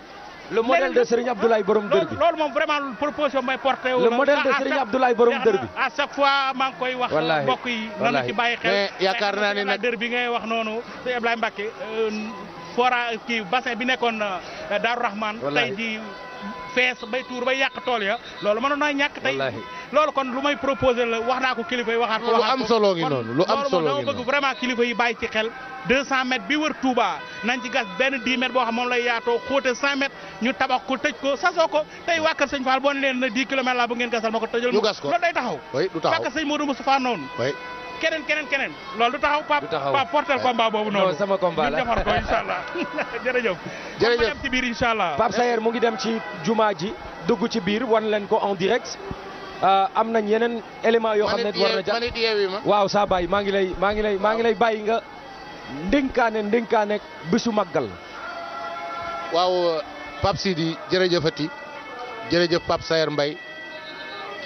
le modèle de Serigne Abdoulaye Borom Dër bi loolu moom vraiment proposition may porté le modèle de Serigne Abdoulaye Borom Dër bi à chaque fois maa ngi koy wax mbokk yi nañu ci bàyyi xel yaakaar naa ne nag dër bi ngay wax noonu Abdoulaye euh, fora kii bassin bi nekkoon euh, Daaru Rahman tey ji fees bay tuur bay yàq tool ya loolu mënoon naa ñàkk tey loolu kon lu may proposé la wax naa ko kilifa yi waxaat ko lu am solo ngi noonu lu am solo ngi noonu bëgg vraiment kilifa yi bàyyi ci xel 200 mètres bi wër Touba nañ ci gas benn 10 mètres boo xam moom lay yaatoo xóote 100 mètres ñu tabax ko tëj ko sasoo ko tey waa Kër Sëñ Fall boo ne leen na 10 kilomètres la bu ngeen gasal ma ko tëjal ñu gas ko loolu day taxaw waa Kër Sëñ Modou Moustapha noonu keneen keneen keneen loolu du taxaw Pape Pape portel eh, combat boobu noonu sama combat la ñu defar ko incha allah jërëjëf jërëjëf dem biir incha allah Pape Sayer mu ngi dem ci jumaa ji dugg ci biir wan leen ko en direct euh, am nañ yeneen élément yoo xam ne war na jàpp waaw saa bàyyi maa ngi lay maa ngi lay maa ngi lay bàyyi nga ndénkaane ndénkaane bisu maggal waaw Pape Sidi jërëjëfati jërëjëf Pape Sayer Mbaye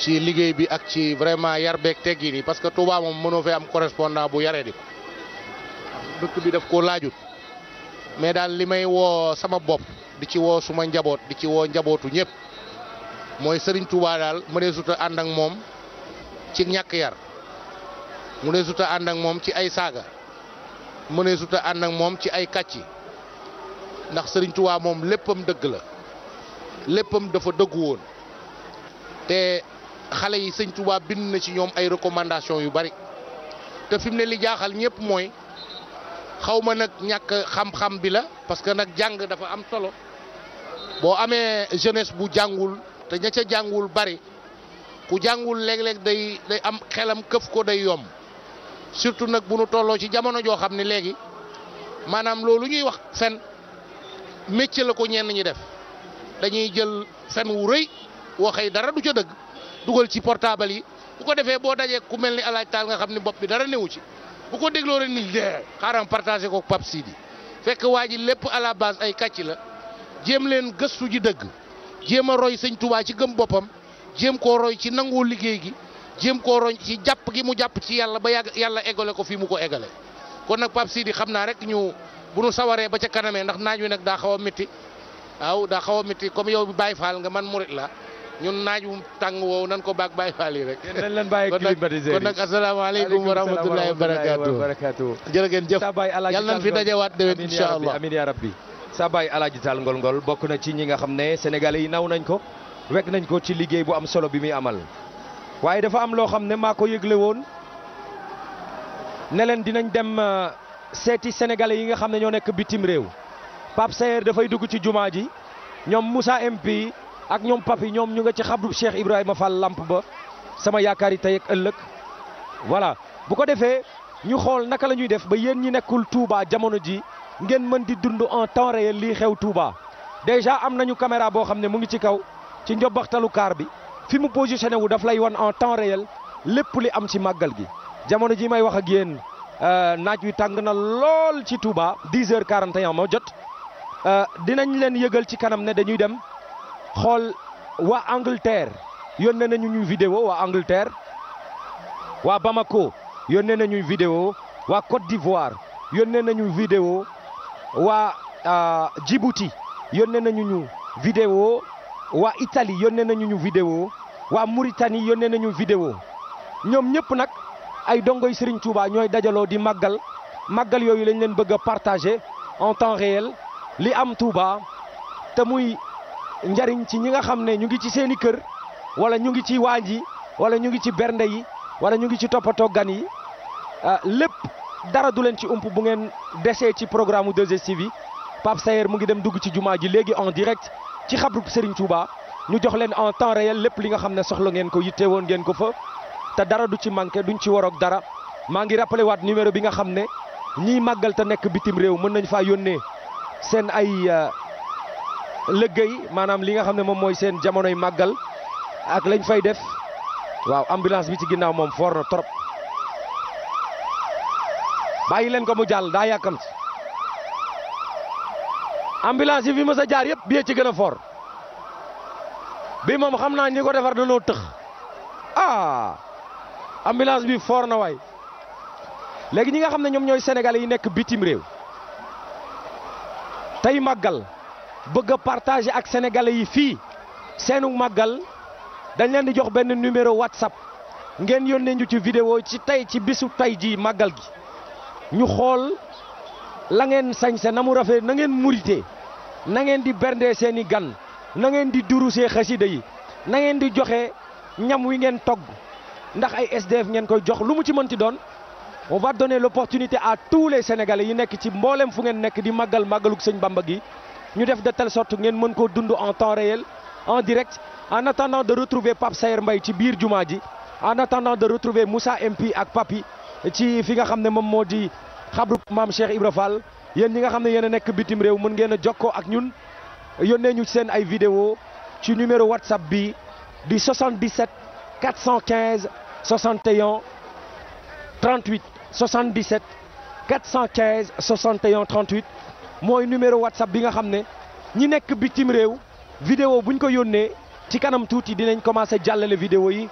ci liggéey bi ak ci vraiment yar beeg teggin yi parce que Touba moom mënoo fee am correspondant bu yaree di ko bi daf koo laajut mais daal li may woo sama bopp di ci woo suma njaboot di ci woo njabootu ñëpp mooy Serigne Touba daal mu dee ànd ak moom ci ñàkk yar mu dee suta ànd ak moom ci ay saaga mu dee ànd ak moom ci ay kàcci ndax Serigne Touba moom léppam dëgg la léppam dafa dëggu woon te xale yi sëñ Touba bind na ci ñoom ay recommandation yu bari te fi mu ne li jaaxal ñëpp mooy xaw ma nag ñàkk xam-xam bi la parce que nag jàng dafa am solo boo amee jeunesse bu jàngul te ña ca jàngul bari ku jàngul léeg-léeg day day am xelam këf ko day yomb surtout nag bu nu tolloo ci jamono joo xam ne léegi maanaam loolu ñuy wax fen métier la ko ñeen ñi def dañuy jël fen wu rëy waxee dara du ca dëgg. dugal ci portable yi bu ko defee boo dajee ku mel ni alaaj taal nga xam ni bopp bi dara new ci bu ko dégloo rek ni dee xaaram partagé ko Pape Sidi fekk waa ji lépp à la base ay kàcc la jéem leen gëstu ji dëgg jéem a roy sëñ tubaa ci gëm boppam jéem koo roy ci nangoo liggéey gi jéem koo roy ci jàpp gi mu jàpp ci yàlla ba yàgg yàlla eggale ko fii mu ko eggale kon nag Pape Sidi xam naa rek ñu bu nu sawaree ba ca kanamee ndax naaj wi nag daa xaw a métti waaw daa xaw a métti comme yow bi Baye Fall nga man murit la ñun naaj wu tàng woowu nan ko baag bàyyi faal yi rek. nañ leen bàyyi climatiseur yi kon nag asalaamaaleykum wa rahmatulahi wa barakaatu. jërë ngeen jëf yal nañ fi dajawaat déwén incha allah amiin yaa rabbi baay alaaji taal ngol ngol bokk na ci ñi nga xam ne sénégalais yi naw nañ ko wekk nañ ko ci liggéey bu am solo bi muy amal waaye dafa am loo xam ne maa ko yëgle woon ne leen dinañ dem euh, seeti sénégalais yi nga xam ne ñoo nekk bitim réew Pape Sayer dafay dugg ci jumaa ji ñoom Moussa MP ak ñoom pap yi ñoom ñu nga ci xabru Cheikh Ibrahima Fall lamp ba sama yaakaar yi tey ak ëllëg voilà bu ko defee ñu xool naka la ñuy def ba yéen ñi nekkul Touba jamono ji ngeen mën di dund en temps réel lii xew Touba déjà am nañu caméra boo xam ne mu ngi ci kaw ci njobbaxtalu kaar bi fi mu positionné wu daf lay wan en temps réel lépp li am ci màggal gi jamono ji may wax ak yéen euh, naaj wi tàng na lool ci Touba 10 heures 41 moo jot euh, dinañ leen yëgal ci kanam ne dañuy dem xool waa Angleterre yónnee nañu ñu vidéo waa Angleterre waa Bamako yónnee nañu vidéo waa Côte d'Ivoire yónnee nañu vidéo waa euh, Djibouti yónnee nañu ñu vidéo waa itali yónnee nañu ñu vidéo waa Mauritanie yónnee nañu vidéo ñoom ñëpp nag ay dongoy Serigne Touba ñooy dajaloo di màggal màggal yooyu lañ leen bëgg a partager en temps réel li am Touba te muy. njariñ ci ñi nga xam ne ñu ngi ci seen i kër wala ñu ngi ci waañ yi wala ñu ngi ci bernde yi wala ñu ngi ci toppatoo gan yi ah, lépp dara du leen ci ump bu ngeen desee ci programme mu 2STV yi Pape Sayer mu ngi dem dugg ci jumaa ji léegi en direct ci xabru Serigne Touba ñu jox leen en temps réel lépp li nga xam ne soxla ngeen ko yitte woon ngeen ko fa te dara du ci manqué duñ ci waroog dara maa ngi rappelé waat numéro bi nga xam ne ñiy màggal nekk bitim réew mën nañ faa yónnee seen ay ah, liggéey maanaam li nga xam ne moom mooy seen jamonoy màggal ak lañu fay def waaw ambulance bi ci ginnaaw moom foor na trop bàyyi leen ko mu jàll daa yàkkamti ambulance yi fi mës a jaar yëpp bi ci gën a foor bi moom xam naa ñi ko defar dañoo tëx ah ambulance bi foor na waay léegi ñi nga xam ne ñoom ñooy senegal yi nekk bitim réew tey màggal bëgg a partager ak sénégalais yi fii seenu màggal dañ leen di jox benn numéro whatsapp ngeen yónnee ñu ci vidéo ci tey ci bisu tey ji màggal gi ñu xool la ngeen sañse na mu rafet na ngeen muritee na ngeen di berndee seeni gan na ngeen di durusee xasida yi na ngeen di joxe ñam wi ngeen togg ndax ay SDF ngeen koy jox lu mu ci mënti doon on va donner l'opportunité à tous les Sénégalais yi nekk ci mboolem fu ngeen nekk di màggal màggalug sëñ Bamba gi ñu def de telle sorte ngeen mën koo dund en temps réel en direct en attendant de retrouver Pape Sayer mbay ci biir jumaa ji en attendant de retrouver Moussa MP ak Papi ci fi nga xam ne moom moo di xabru maam Cheikh Ibra Fall yéen ñi nga xam ne yéen a nekk bitim réew mën ngeen a jokkoo ak ñun yónnee ñu seen ay vidéo ci numéro WhatsApp bi di 77 415 61 38 77 415 61 38 mooy numéro whatsapp bi nga xam ne ñi nekk bitim réew vidéo buñ ko yónnee ci kanam tuuti dinañ commencé jàllale vidéo yi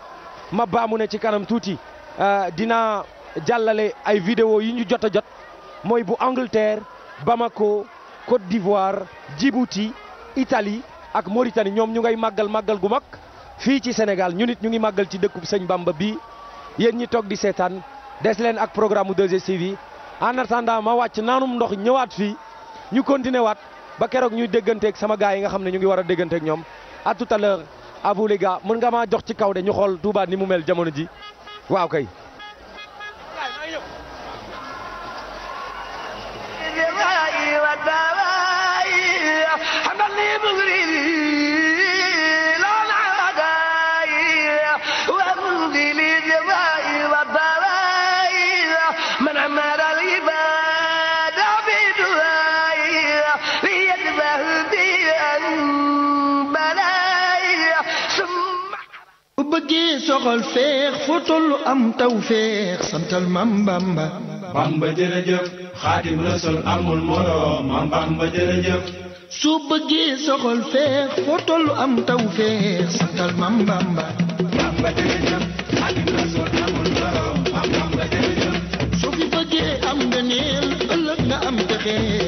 ma baamu ne ci kanam tuuti euh, dinaa jàllale ay vidéo yi ñu jot a jot mooy bu Angleterre Bamako Côte d'Ivoire Djibouti Italie ak Mauritanie ñoom ñu ngay màggal màggal gu mag fii ci Sénégal ñu nit ñu ngi màggal ci dëkkub sëñ Bamba bi yéen ñi toog di seetaan des leen ak programme deux 2STV en ma wàcc naanum ndox ñëwaat fii. ñu continuer waat ba keroog ñuy dégganteeg sama gaa yi nga xam ne ñu ngi war a dégganteeg ñoom à tout à mën nga maa jox ci kaw de ñu xool Touba ni mu mel jamono ji waaw kay. bëggee soxal feex foo tollu am taw feex santal mam bamba bamba jërëjëf foo tollu am taw feex santal bëggee am nga neel ëllëg am texee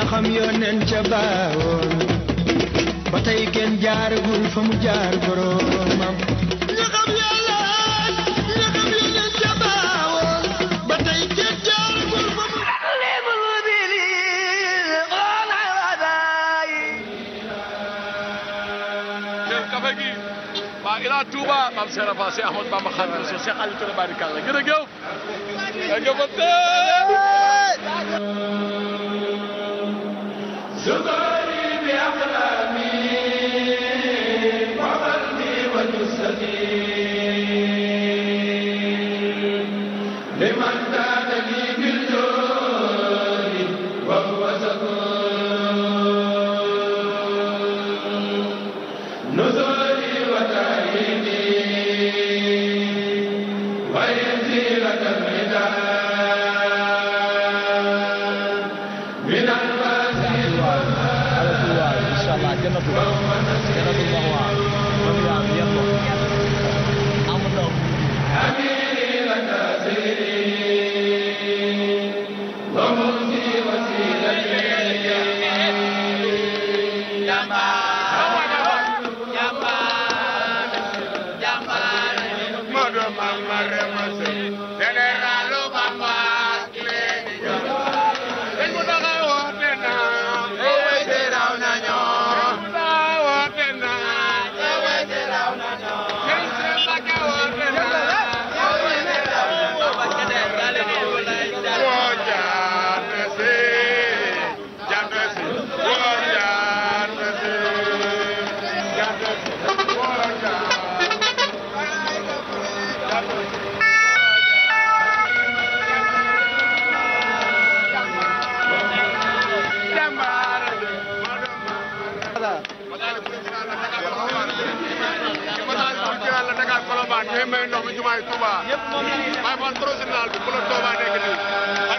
ña xam yónneen ca baawoon ba tey kenn jaaragul fa mu jaar boroomam ña xam yàlla ña xam yónneen ca baawoon ba tey kenn jaaragul fa mu taqlibul wudili wala wadayi seen kafe gi waa ilaa Touba maam Serapha si Ahmad Bamba Xaadimu Rasuul Cheikh Aliou Touré Barikalla gërë ngeen Touba ñooy may ndox mi jumaay Touba. waaye man projet la Touba nekk nii.